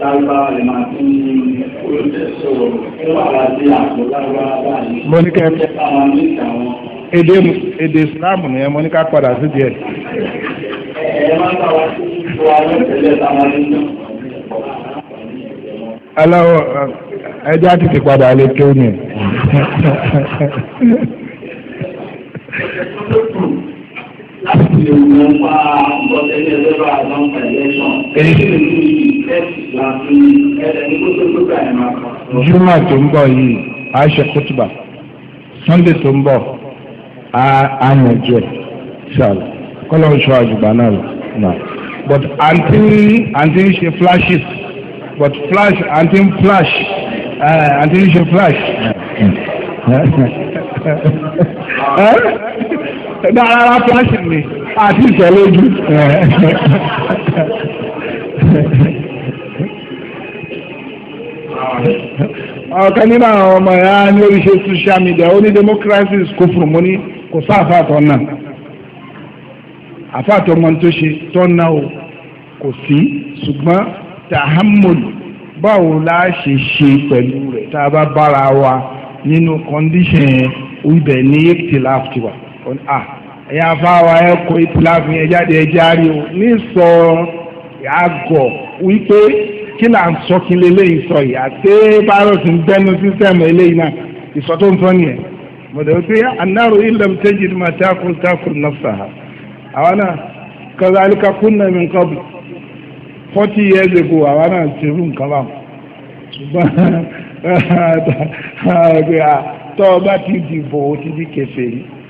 lágbá rẹ̀ máa tún ní olùdẹ́sọ̀rọ̀ fún àwọn àti àgbọ̀ lágbá báyìí. mo ní kẹ́ èdè èdè islam ni ẹ mo ní ká padà sí díẹ̀. ẹ máa ń bá wa sí ìfọ àwọn ìṣẹ̀lẹ̀ táwọn ní náà. aláwọ ẹjẹ́ á tètè padà lè kéwòn yẹn ti mú wá ọ̀tẹ́lẹ̀ lọ́wọ́ àwọn ẹ̀lẹ́sọ̀n. èyí ti lè ní ìfẹ́sì láti ẹ̀ẹ́dẹ̀ẹ́ni kó tó tó gbà ẹ̀ máa kọ́. júmọ̀ tó ń bọ̀ yìí a ṣe kútùbà sunday tó ń bọ̀ a yànjú ẹ̀ sọ̀rọ̀ kọ́lọ́ ń àjùgbà náà lọ. but àǹtí àǹtí ń ṣe flashes but flash àǹtí ń flash àǹtí ń ṣe flash. Eh? ẹ̀dá rárá fúláṣì ni àti ìṣẹ̀lójú. ọ̀kan nínú àwọn ọmọ ẹ̀yà ní oríṣi social media ó ní democracy kò fún un mo ní kò sáfà tó nà àfàtọ̀ ọmọ tó ṣe tó nà o kò sí ṣùgbọ́n tahammul báwo la ṣe ṣe pẹ̀lú rẹ̀ tá a bá bára wa nínú condition ibẹ̀ ní ìtìláfù tiwa à ẹ̀yà afáwa ẹ̀ kó ìtìláfin ẹ̀ jáde ẹ̀ járe o ní sọ àgọ̀ wípé kí là ń sọ kí leléyìí sọ yìí àti bárọ̀sì ń bẹ́nu sísẹ́mù eléyìí náà ìsọ tó ń sọ nìyẹn mọ̀tẹ́wọ́ pé anáàrò ilẹ̀ tẹ́jì ní màtí àkùntàkùn náà sàá àwọn náà kazalika kunna min qabl forty years ago àwọn náà ti rú nǹkan bá wọn ṣùgbọ́n tọ́ ọ bá ti dìbò ó ti di kẹfẹ́ yìí.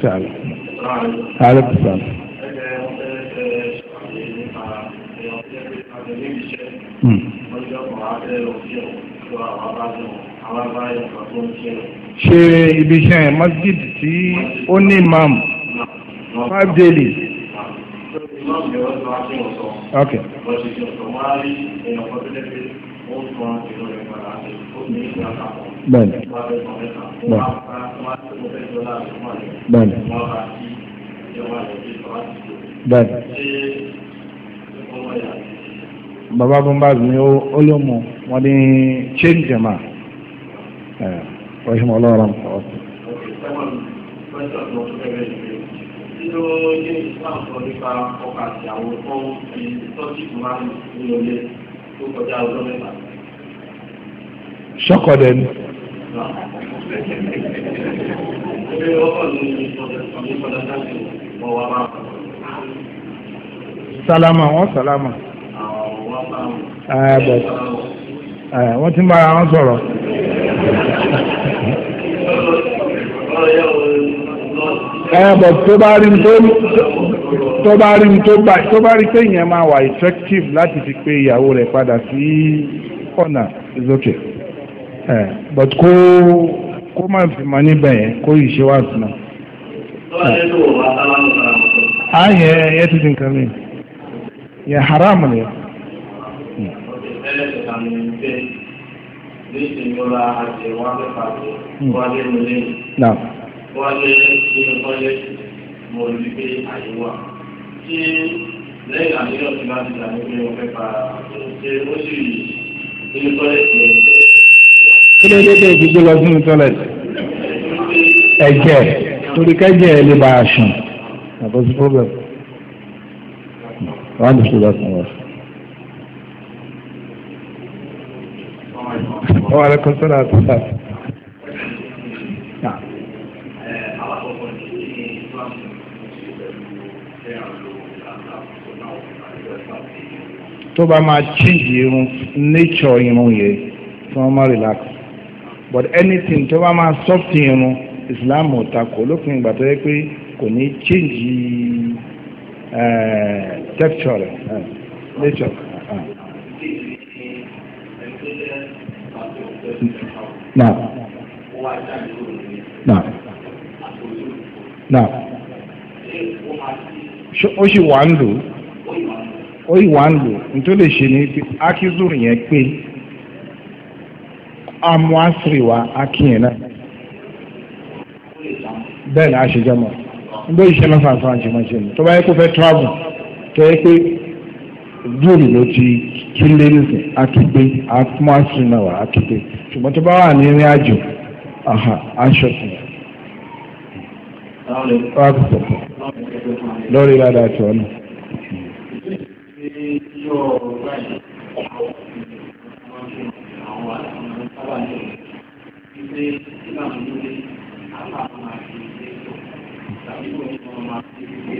ṣáàlù ààrẹ kùsà. ṣe ibi iṣẹ́ yẹn masjid tí ó ní imam five daily. ok. okay bẹ́ẹ̀ni bẹ́ẹ̀ni bẹ́ẹ̀ni baba bombaz ni ó ló mú wọn ní change jama ọ̀hìn ọlọ́run ọ̀sẹ̀. Nínú ilé ìsìláàmù nípa ọkọ̀ àti àwọn ọkọ̀ ìtọ́jú ìmọ̀ àmì nínú ilé tó kọjá ọjọ́ mẹ́ta sọ́kọ̀dẹ̀ ni. salama wọn salama ẹ bẹ ẹ wọn ti ń bára wọn sọ̀rọ̀. ẹ bọ̀ tó bá rí tó tó bá rí tó bá tó bá rí pé ìyẹn máa wà effective láti fi pe ìyàwó rẹ̀ padà sí ọ̀nà is okay. ẹ but kó kó má fi mọ níbẹ̀ yẹn kó yìí ṣe wá sí náà. a ah, yẹ ẹ ti di nǹkan mi yẹ haram ni. Hmm. Naam. Wọ́n lé ní ọ̀pọ̀lẹ́ mo rí pé àyè wà. Ṣé lẹ́yìn àníyàn tí máa ti dà ní pé wọ́n fẹ́ pa àjọ? Ṣé ó kí ló dé tẹ̀ fi gbé lọ sínú tọ́lẹ̀tì ẹ̀jẹ̀ torí kẹ́jẹ̀ ẹ̀ lè bá a sùn problem wọ́n ti sọ̀rọ̀ fún wa. wọ́n alẹ́ kọ́sọ́nà àti sáà. tó bá máa change irun nature irun yẹn tí wọ́n máa relax. but anything tó bá máa soft irun islam ò takò lópin ìgbà tó yẹ pé kò ní change eh, texture eh, nature. na na na ó sì wà ń lò ó sì wà ń lò nítorí ṣe amú àṣírí wa akínyìn ni a ṣe jẹ́ mọ́ níbo ìṣe mẹ́fà fún àjùmọ̀ṣe ni tó yẹ kó fẹ́ travel tó yẹ pé dúró ló ti kílé nísìn akígbé amú náà wà akígbé ṣùgbọ́n tó bá wà ní ìrìn àjò aṣọ sí i lórí wà ní ilé ìgbà nílé apá àwọn àti ilé tó tàbí kò ní wọn máa fi ilé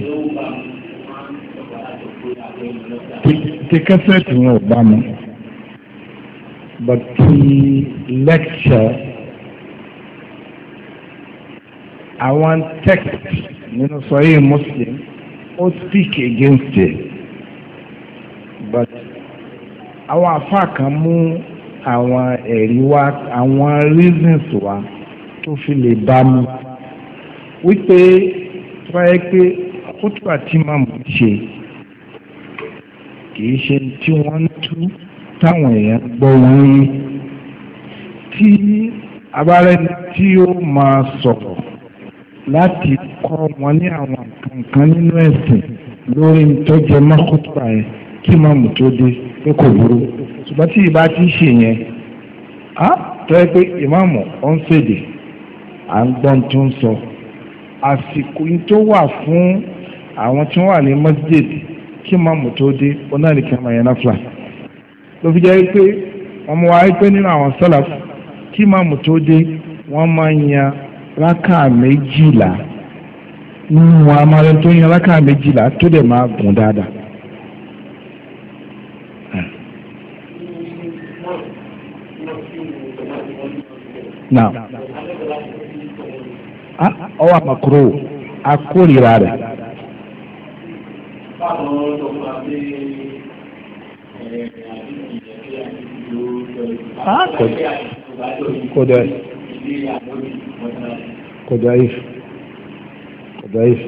yóò bá mi máa ń sọ̀rọ̀ àjọ pé àwọn ènìyàn lọ́jà. Tikẹ́sẹ̀tì yẹn ò bá mi. But the àwọn text nínú sọ̀rọ̀ Muslim ó speak against it. But àwọn afa mú àwọn ẹ̀rí wa àwọn reasons wa tó fi lè bá mu wípé wáyé pé kótópà tí màmú ṣe kì í ṣe tí wọ́n ń tú táwọn èèyàn gbọ́ wọn yé tí abárẹ́ni tí ó máa sọ̀rọ̀ láti kọ́ wọn ní àwọn nǹkan kan nínú ẹ̀sìn lórí ntọ́jẹ́ mọ́kótópà yẹn kí màmú tó dé pé kò burú ṣùgbọ́n tí ìbá ti ṣe yẹn á tọ́ ẹ pé ìmáàmù ọ̀ ń fèdè à ń gbọ́n tó ń sọ àsìkò tó wà fún àwọn tí wọ́n wà ní masjid kí ìmáàmù tó dé onáàlìkà máa yẹn náfìlà ló fi jẹ́ pé wọ́n wa pé nínú àwọn sálàf kí ìmáàmù tó dé wọ́n máa ń yan rákà méjìlá nínú àwọn amárẹ́ tó yan rákà méjìlá tó dẹ̀ máa gùn dáadáa. náà ọwọ́ àmàkúrò akórira rẹ̀. kódà kódà if kódà if.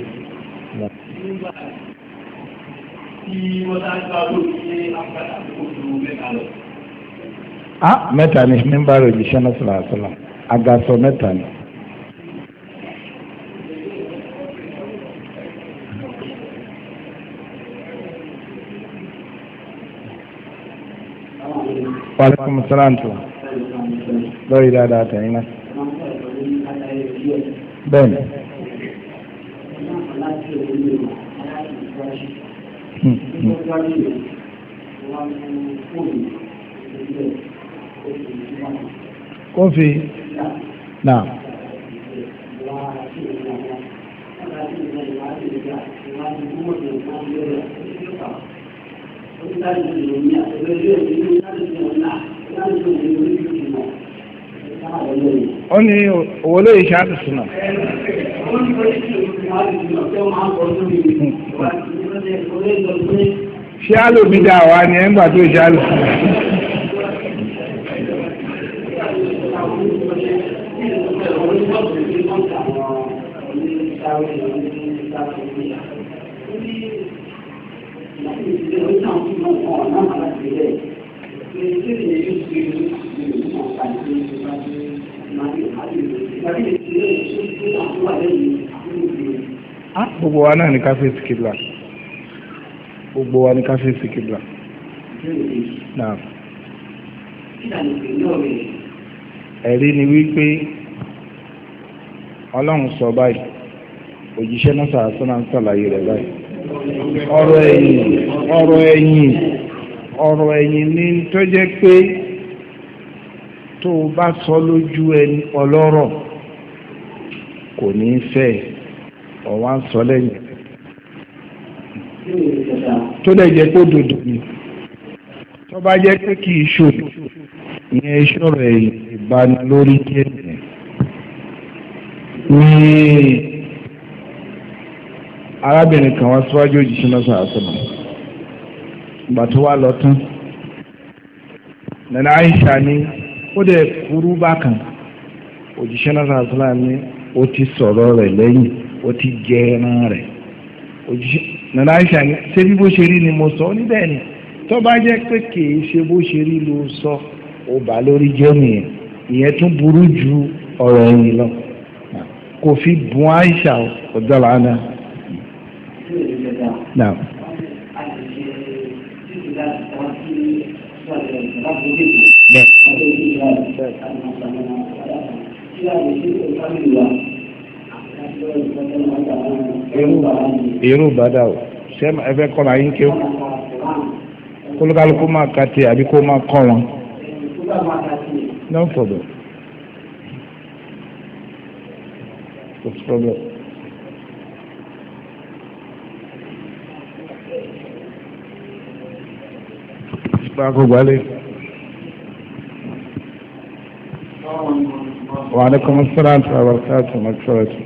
Ah, mẹ́ta ni mímbà rẹ̀ jíṣẹ́ náà sọ̀rọ̀ àṣọ náà agasọ mẹ́ta ni. wàlẹ́kùn sàlántù lórí dáadáa tẹ̀yìn náà. bẹ́ẹ̀ni. Hmm, hmm. kófì náà. ní owó lóye ṣe àtúnṣe náà. ṣé àlòmídà wa ni ẹ̀ ń gbà tó ṣe àlòmídà. Ah, gbogbo wa náà ní ká fèsì kìbìlà gbogbo wa ní ká fèsì kìbìlà. ẹ̀rí ni wípé ọlọ́run sọ báyìí òjíṣẹ́ náà sàásánà ń sàlàyé rẹ̀ báyìí ọ̀rọ̀ ẹ̀yìn ọ̀rọ̀ ẹ̀yìn ọ̀rọ̀ ẹ̀yìn ni tó jẹ́ pé tó o bá sọ lójú ẹni ọlọ́rọ̀ kò ní í fẹ́ ẹ̀ ọ̀wá ń sọ lẹ́yìn tó lè jẹ́ pé òdodo ni tó bá jẹ́ pé kì í ṣòro ìyẹn ìṣòro ìbánu lórí jẹ́ nìyẹn ní arábìnrin kan wá síwájú òjìṣẹ́ náà sàásùmọ̀ ìgbà tó wá lọ tán nana Aisha ni ó dẹ̀ kúrú bákan òjìṣẹ́ náà sàásùmọ̀ ni ó ti sọ̀rọ̀ rẹ̀ lẹ́yìn ó ti jẹ ẹran rẹ̀ òjíṣẹ́ nana aisha ni ṣé bí bó ṣe rí ni mo sọ níbẹ̀ ni tó bá jẹ́ pé kìí ṣe bó ṣe rí ló sọ ó bà lórí jẹ́ nìyẹn ìyẹn tún burú ju ọ̀rọ̀ ẹ̀yìn lọ kò fi bùn aisha ọ̀dọ́là ana. Bẹ́ẹ̀ irú bàdà o ṣé ẹ fẹ́ kọ́ láyé ń kí o kólúkálukú máa ka tiẹ̀ àbí kó máa kọ́ wọn. no problem. no problem. Gbàgbọ́ gbalẹ̀. Wa alaikum salaam wa rahmatullahi wa barakatuh.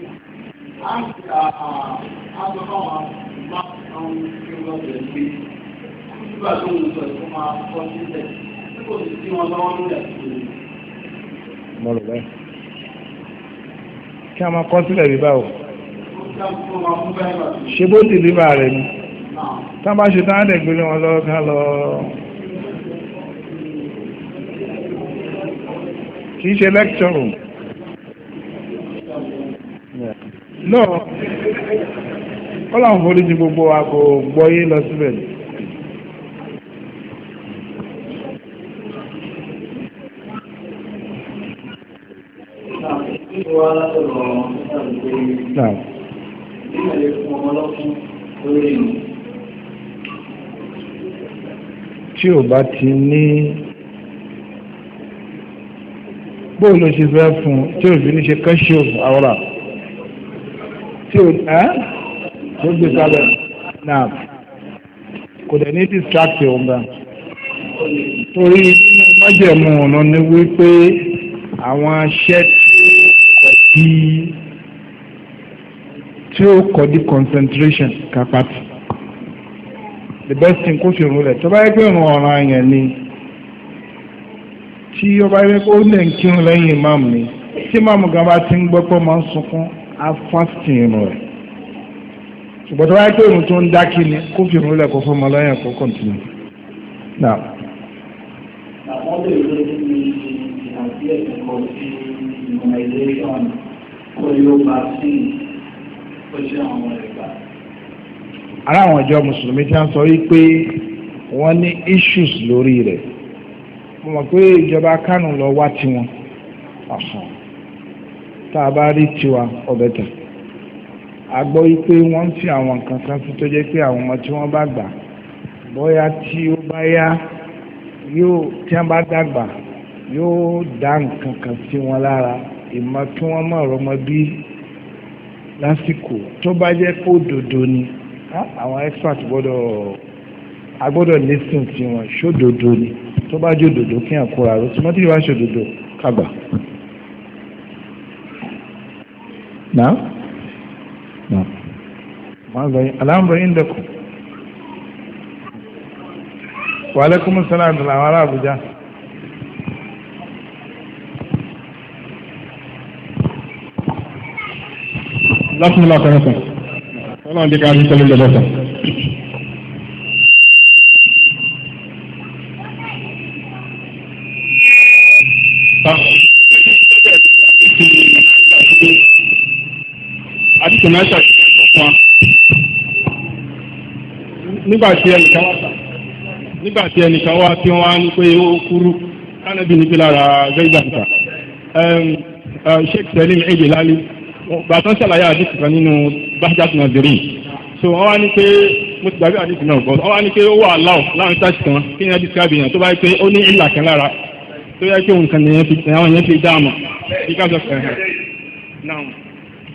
láti àgbàfáwọn ìgbà àwọn ìgbà ọ̀dẹ̀ gbé nígbà tó ń sọ ìfún máa kọ́ sílẹ̀ tí kò sì sí wọn lọ́wọ́ nílẹ̀ mo rò bẹ́ẹ̀ kí a máa kọ́ sílẹ̀ bí báwo ṣe bó ti rí bàa rẹ̀ ni tá a bá ṣe tán á dẹ̀ gbélé wọn lọ́wọ́ ká lọ. kì í ṣe lecture room. náà wọ́n làwọn forí ju gbogbo wa kò gbọ́ yé lọ síbẹ̀ ni. Naam. Tí o bá ti ní bóòlù ṣe fẹ́ fún tí o fi ní ṣe kẹ́ṣíò àwọ̀rà tí o ẹ́ ló gbé sábẹ́ náà kò dẹ̀ ní distract òun gan torí nínú májẹ̀mú ọ̀nà ni wípé àwọn aṣẹ́ tí tí ó kọ́ di concentration kápátì the best thing kó fi rún rẹ̀ tó bá yẹ pé ìrún ọ̀ràn yẹn ni tí ó bá yẹ pé ó lè ń kírun lẹ́yìn ìmáàmù ni tí ìmáàmù gan bá ti ń gbọ́ pé ó máa ń sunkún á fásitì ṣùgbọ́n tó bá yẹ pé irun tó ń dá kí kó fi irun lẹ̀ kó fọmọ kó kọ̀ǹtínú. ara àwọn ìjọ mùsùlùmí ti ń sọ wípé wọ́n ní issues lórí rẹ̀ mo mọ̀ pé ìjọba kánò lọ wá tiwọn tá a bá rí tiwa ọbẹ̀ tán a gbọ́ pé wọ́n ń fi àwọn nǹkan kan sí tó jẹ́ pé àwọn ọmọ tí wọ́n bá gbà bóyá tí ó bá yá yóò tí wọ́n bá dàgbà yóò dá nǹkan kan sí wọn lára ìmọ̀ kí wọ́n mọ̀ ọ̀rọ̀mọ bí lásìkò tó bá jẹ́ kó òdodo ni àwọn expert gbọ́dọ̀ a gbọ́dọ̀ listen sí wọn ṣódodo ni tó bá jẹ́ òdodo kí n kóra ró tí wọ́n ti wá ṣòdodo kàgbà. نعم نعم ماذا الأمر عندكم وعليكم السلام ورحمة الله وبركاته lásìmọ́lá kọ́nẹ́sàn ọlọ́run dé ká rí sẹ́lẹ̀ lọ́sàn. sìmẹ́tà wọn. nígbà tí ẹnìkan wá nígbà tí ẹnìkan wá tí wọ́n á ní pé ó kúrú kánẹ́bì níbi lára gẹ́gbàǹkà sheikh salim eid lali bàtàn ṣàlàyé àdìsí kan nínú bahjat nàìjíríà so wọ́n wá ní pé mo ti gbàgbé àdìsí náà bọ́ wọ́n wá ní pé ó wà láwọ̀ láwọn sáàsì kan kí ni àdìsí káàbì yẹn tó bá yẹ pé ó ní ìlà kan lára tó yẹ pé òǹkan nìyẹn fi àwọn yẹn fi dáàmú bí ká sọ fẹ́ hàn náà.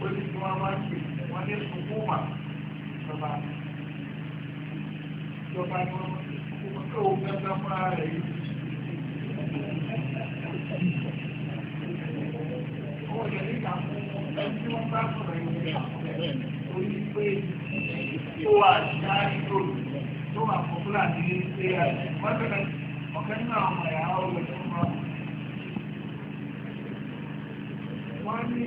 ó ti fi wọn máa ń pè ní sukuma ìjọba ìjọba ni wọn kó tó gbẹgbẹ fúnra rẹ̀ yìí. ó lè ní ká fún ẹni tí wọn bá sọ̀rọ̀ yìí orí pé tó wà dárí tó tó wà fún fúlàní ní ṣé wọn bẹ̀rẹ̀ ọ̀kẹ́ nínú àwọn ọmọ ìyá ọ̀rọ̀ tó ń ní.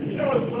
You know,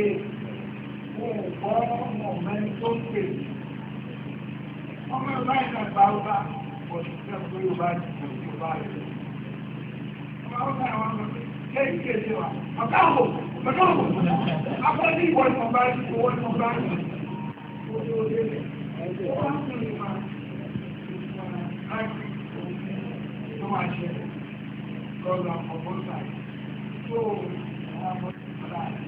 pé òun kọ́ ọmọ mẹ́rin tó ń pè é. ọmọ ìlú báyìí náà gba ọba òṣìṣẹ́ tó yóò bá jù tó bá rẹ̀. ọmọ ọba àwọn ọmọ kéèké kéèké wa ọ̀gá òwò ọ̀gá òwò akọ́ni ìwọ ni wọ́n bá rí owó ni wọ́n bá rí owó lé lẹ̀. ó wá sí ìwà ìwà láti òun ló tó àwọn ọmọ ìwà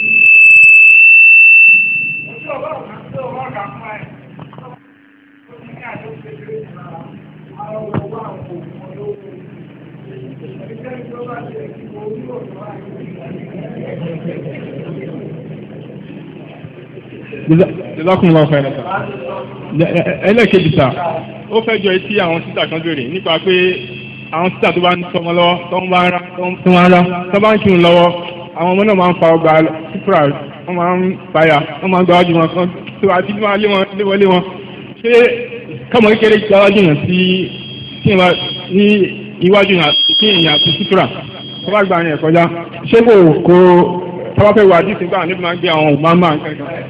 lọ́kùnrin lọ́kùnrin ẹ̀rọ sà ẹlẹ́ẹ̀kejì sà ó fẹ́ jọ etí àwọn sísà kan béèrè nípa pé àwọn sísà tó bá ń tọmọ lọ́wọ́ tó ń bá ń ra tó ń ra tó bá ń kírun lọ́wọ́ àwọn ọmọ náà máa ń fa ọgbà sípra wọ́n máa ń báyà wọ́n máa ń gba ọjọ́ wọn kan tó àti máa lé wọn lé wọlé wọn ṣé kámọ kékeré gbáwájú yàn sí kí n bá ní iwájú yàn kí èèyàn àti sípra tó bá gbà yàn kọjá ṣé kò kò tó fẹ́ wà dísìn gbà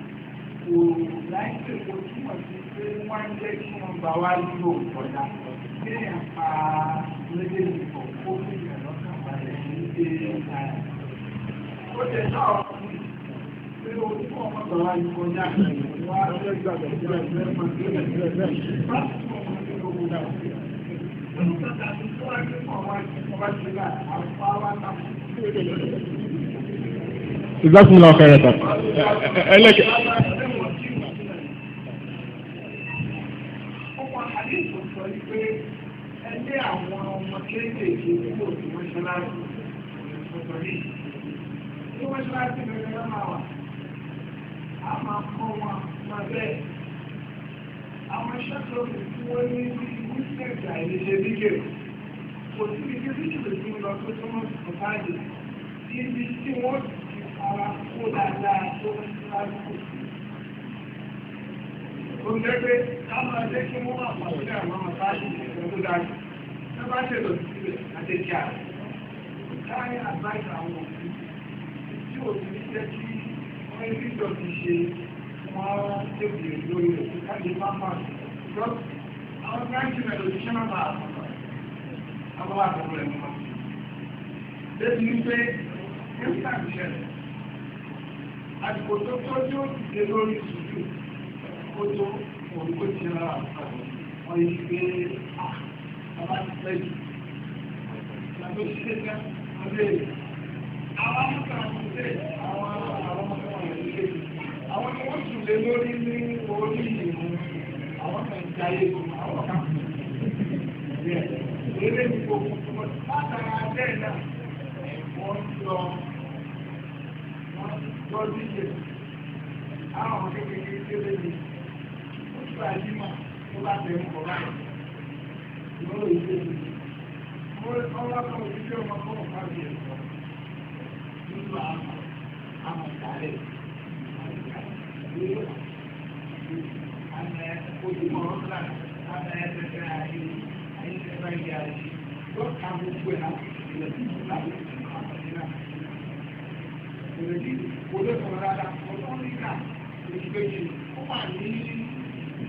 kò láìpẹ́ kò túmọ̀ sí pé wọ́n ń jẹ́ kí wọ́n gbà wá lò ọ̀dà kéèyàn pa méjèèjì pọ̀ kó fún ìyẹn lọ́kàn balẹ̀ ní ilé ìtara. ó lè sọ ọkùnrin pé o tí wọ́n mọ̀ tọ́lá yìí kọjá wá lọ́jọ́ ìgbàgbọ́ tí wọ́n ti rẹ́ mọ́ sí ilé ìgbàgbọ́ tí wọ́n ti mọ̀ wọ́n ti lówó dà sí. Olùkọ́ta ti tó wá sí Ìgbà tí mo lọ kẹrẹ tán. àdéhùn sọ wípé ẹgbẹ́ àwọn ọmọ kéékèèké kúrò ní mọ́ṣáláṣí ọ̀sọ̀tọ̀ ní ní mọ́ṣáláṣí bẹ̀rẹ̀ lọ́ máa wà á máa kọ́ wọn máa bẹ́ẹ̀ àwọn ṣẹ́tọ̀ọ̀mù tí wọ́n ní wíṣẹ̀tì àìlèṣe bíkẹ̀ kò sí ibi tí kìlọ̀ tí ń lọ tó tó wọ́n ti fara kó dáadáa tó ń ṣe tó jẹ́ pé ká máa jẹ́ kí wọ́n máa pàṣẹ àwọn àtàkì ìṣẹ̀lẹ̀ tó dájú tó bá ṣe lọ sílẹ̀ àtẹ̀jẹ́ àrùn káyà àgbáyé àwọn òbí tí ò ní jẹ́ kí wọ́n ní ìjọ ti ṣe wọ́n tẹ̀lé lórí rẹ̀ káyà bá máa lọ àwọn gáàsì rẹ̀ lòdì sẹ́nà máa àwọn àbúrò rẹ̀ mọ́. Débi wípé ó tó òun kó ti ra wọn yìí pé bàbá ti pẹ́ jù ìgbàgbọ́ sí ṣe ká wọn lè àwọn àmúta àmúta àwọn àwọn ọmọ wọn lè ṣe àwọn tí wọ́n sùn lé lórí ní orí ìlú àwọn kan ti ayé àwọn kan eré ìgbò látara bẹ́ẹ̀ náà wọ́n yọ wọ́n yọ díje àwọn kékeré kékeré yìí. Ìrètí kò lè sọ̀rọ̀ rárá, ọ̀tọ́ nígbà, ìgbèjì, ó wà ní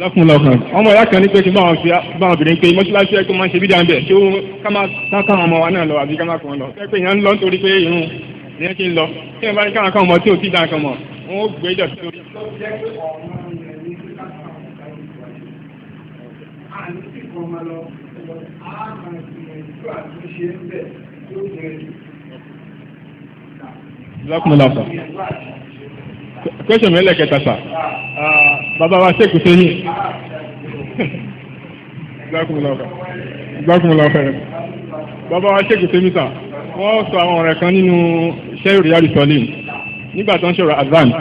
lọ́kùn lọ́kùn ọmọ ìyá kan ní pé kí báwọn fi báwọn obìnrin pé mọ́ṣáláṣí ẹ̀ kó máa ń ṣe bídà ń bẹ̀ ṣé ó ká máa ká káwọn ọmọ wa náà lọ àbí ká máa kàn lọ. ẹ pé ìyẹn ń lọ nítorí pé irun ìyẹn ti ń lọ kí ẹ bá ní káwọn ọmọ tí ò tí ì dá nǹkan mọ̀ ó gbé ìdọ̀tí lórí. lọ́kùn lọ́kùn question mi lẹ́kẹ̀ẹ́ta sà bàbá wa sẹ́kù sẹ́yìn ìgbàkùnrin lọ́wọ́ fẹ́rẹ̀ bàbá wa sẹ́kù sẹ́yìn sà wọ́n sọ àwọn ọ̀rẹ́ kan nínú sẹ́yìn yàrá ìsọ̀lẹ̀ nígbà tó ń sọ̀rọ̀ advance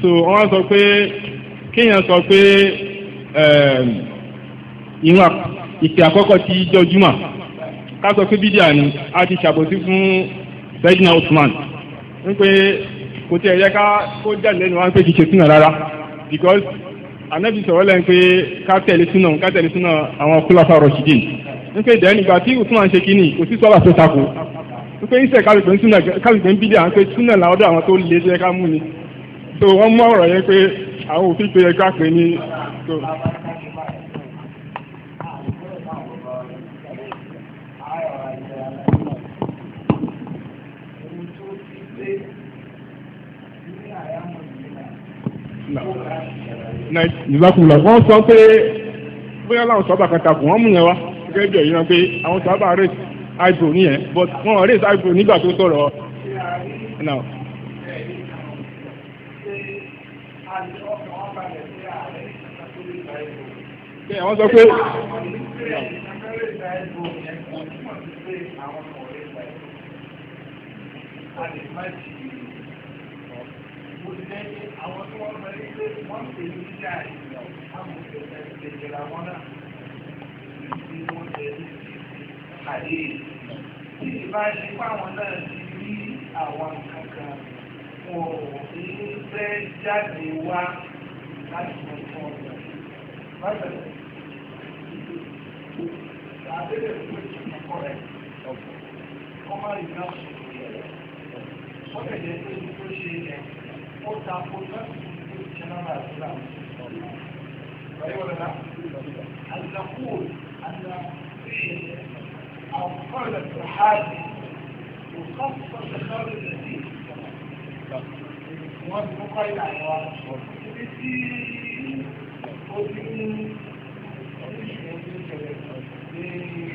so wọ́n sọ pé kéèyàn sọ pé ehm, ìwọ̀n ìpè àkọ́kọ́ ti jẹ́ ojúmọ̀ ká sọ pé bídíà ni a ti ṣàbòsí fún Sayyidina Usman wípé kò tí ẹ yẹ ká kó jáde lẹ́nu wá pé kì í ṣe rárá because anabi sọ̀rọ̀ lẹ́yìn pé ká tẹ̀lé súnà ká tẹ̀lé súnà àwọn kúláfà rọ̀ṣídìn ń pè dẹ́n nígbà tí usman ṣe kínní kò sí sọ́là tó takò ń pè ń sẹ̀ ń súnà kálùpé ń bídẹ̀ à ń pè súnà làwọn ọ̀dọ̀ àwọn tó lé jẹ́ ká mú ni so wọ́n mú ọ̀rọ̀ yẹn pé àwọn òfin pé ẹ ká pè ní. ìzákùlà wọ́n sọ pé bóyá láwọn sọ́ọ́bà kan takùn wọ́n mú yẹn wá gẹ́gẹ́ bí ẹ̀yin náà pé àwọn sọ́ọ́bà rèé àìbò nìyẹn but wọ́n rèé àìbò nígbà tó sọ̀rọ̀ now. ṣe àwọn sọ pé. Thank you olùdẹ́ àwọn tó wọ́n fẹ́ pé wọ́n ṣe ní ṣíṣà ìyàn àwọn òṣèlú ẹgbẹ́ ìjọba wọn náà ní wọ́n ṣe ní àdé tí ìbá ṣe fáwọn náà ti rí àwọn kankan wọn ò ní fẹ́ jáde wá láti mọ fún ọ̀gá. Bákan náà, àbẹ̀rẹ̀ fún ìtumọ̀ kọ́rẹ́ ọ̀pọ̀ kọ́má ìgbà sọ̀rọ̀ yẹn. Wọ́n tẹ̀lé pé kó ṣe ẹ̀kọ́ ó ta ko lọ́sùn tó ti ṣe náà láti rà ويولنا أن نقول أن فيه أو قولة الحاج مخصص لخارج الأسيس wọ́n ti kọ́kọ́ ìlà wa ibi tí ó ti ní oríṣiríṣi tó ṣẹlẹ̀ ní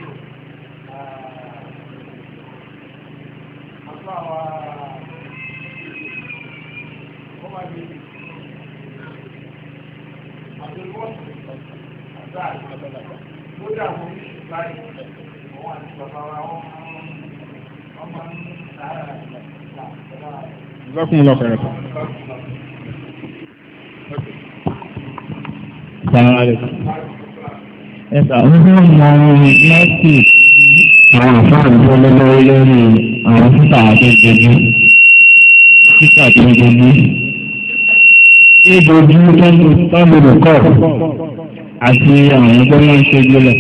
àpá wa kódà mo ní ìgbà yìí àwọn àti bàbá wa wọn máa ń sára ìgbà ìgbà. Ìgbàkùn lọ fẹ̀rẹ̀ kan. Sàrànlẹ̀. Ẹ níbojú tọ́lùbù kọ́ àti àwọn tó máa ń ṣe gbélẹ̀.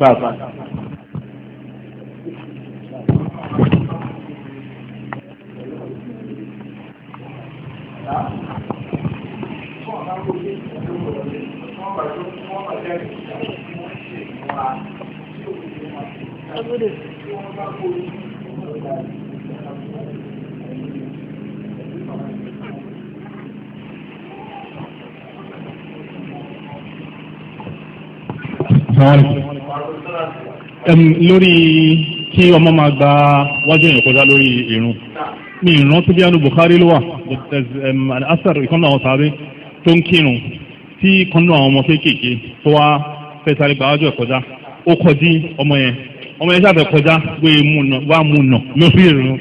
Bye-bye. ẹgbẹ́dẹ̀. lórí kí ọmọ máa gba wájú èèyàn kọjá lórí irun ní ìran tó bí anu Bukhari ló wà asar ìkànnì àwọn sáré tó ń kírun tí ìkànnì àwọn ọmọ kéékèèké tó wá fẹ́ sáré gba wájú ẹ̀ ó kọjú ọmọ yẹn ọmọ yẹn sábẹ̀ kọjá pé wàá mú nà lórí ìrún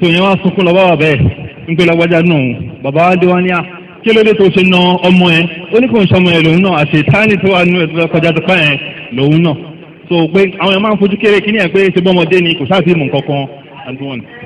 tí òyìn wá sunkún lọ bábà bẹ́ẹ̀ ń pè lágbájá náà bàbá wa dé wá ní à kí ló dé tó ṣe na ọmọ yẹn ó ní kò ń ṣọmọ yẹn lòun náà àti táyì tó wà nínú ẹ̀tọ́ kọjá tó pa yẹn lòun náà so pé àwọn yẹn máa ń fojú kéré kí ni ẹ̀ pé ṣe bọ́mọdé ni kò sáà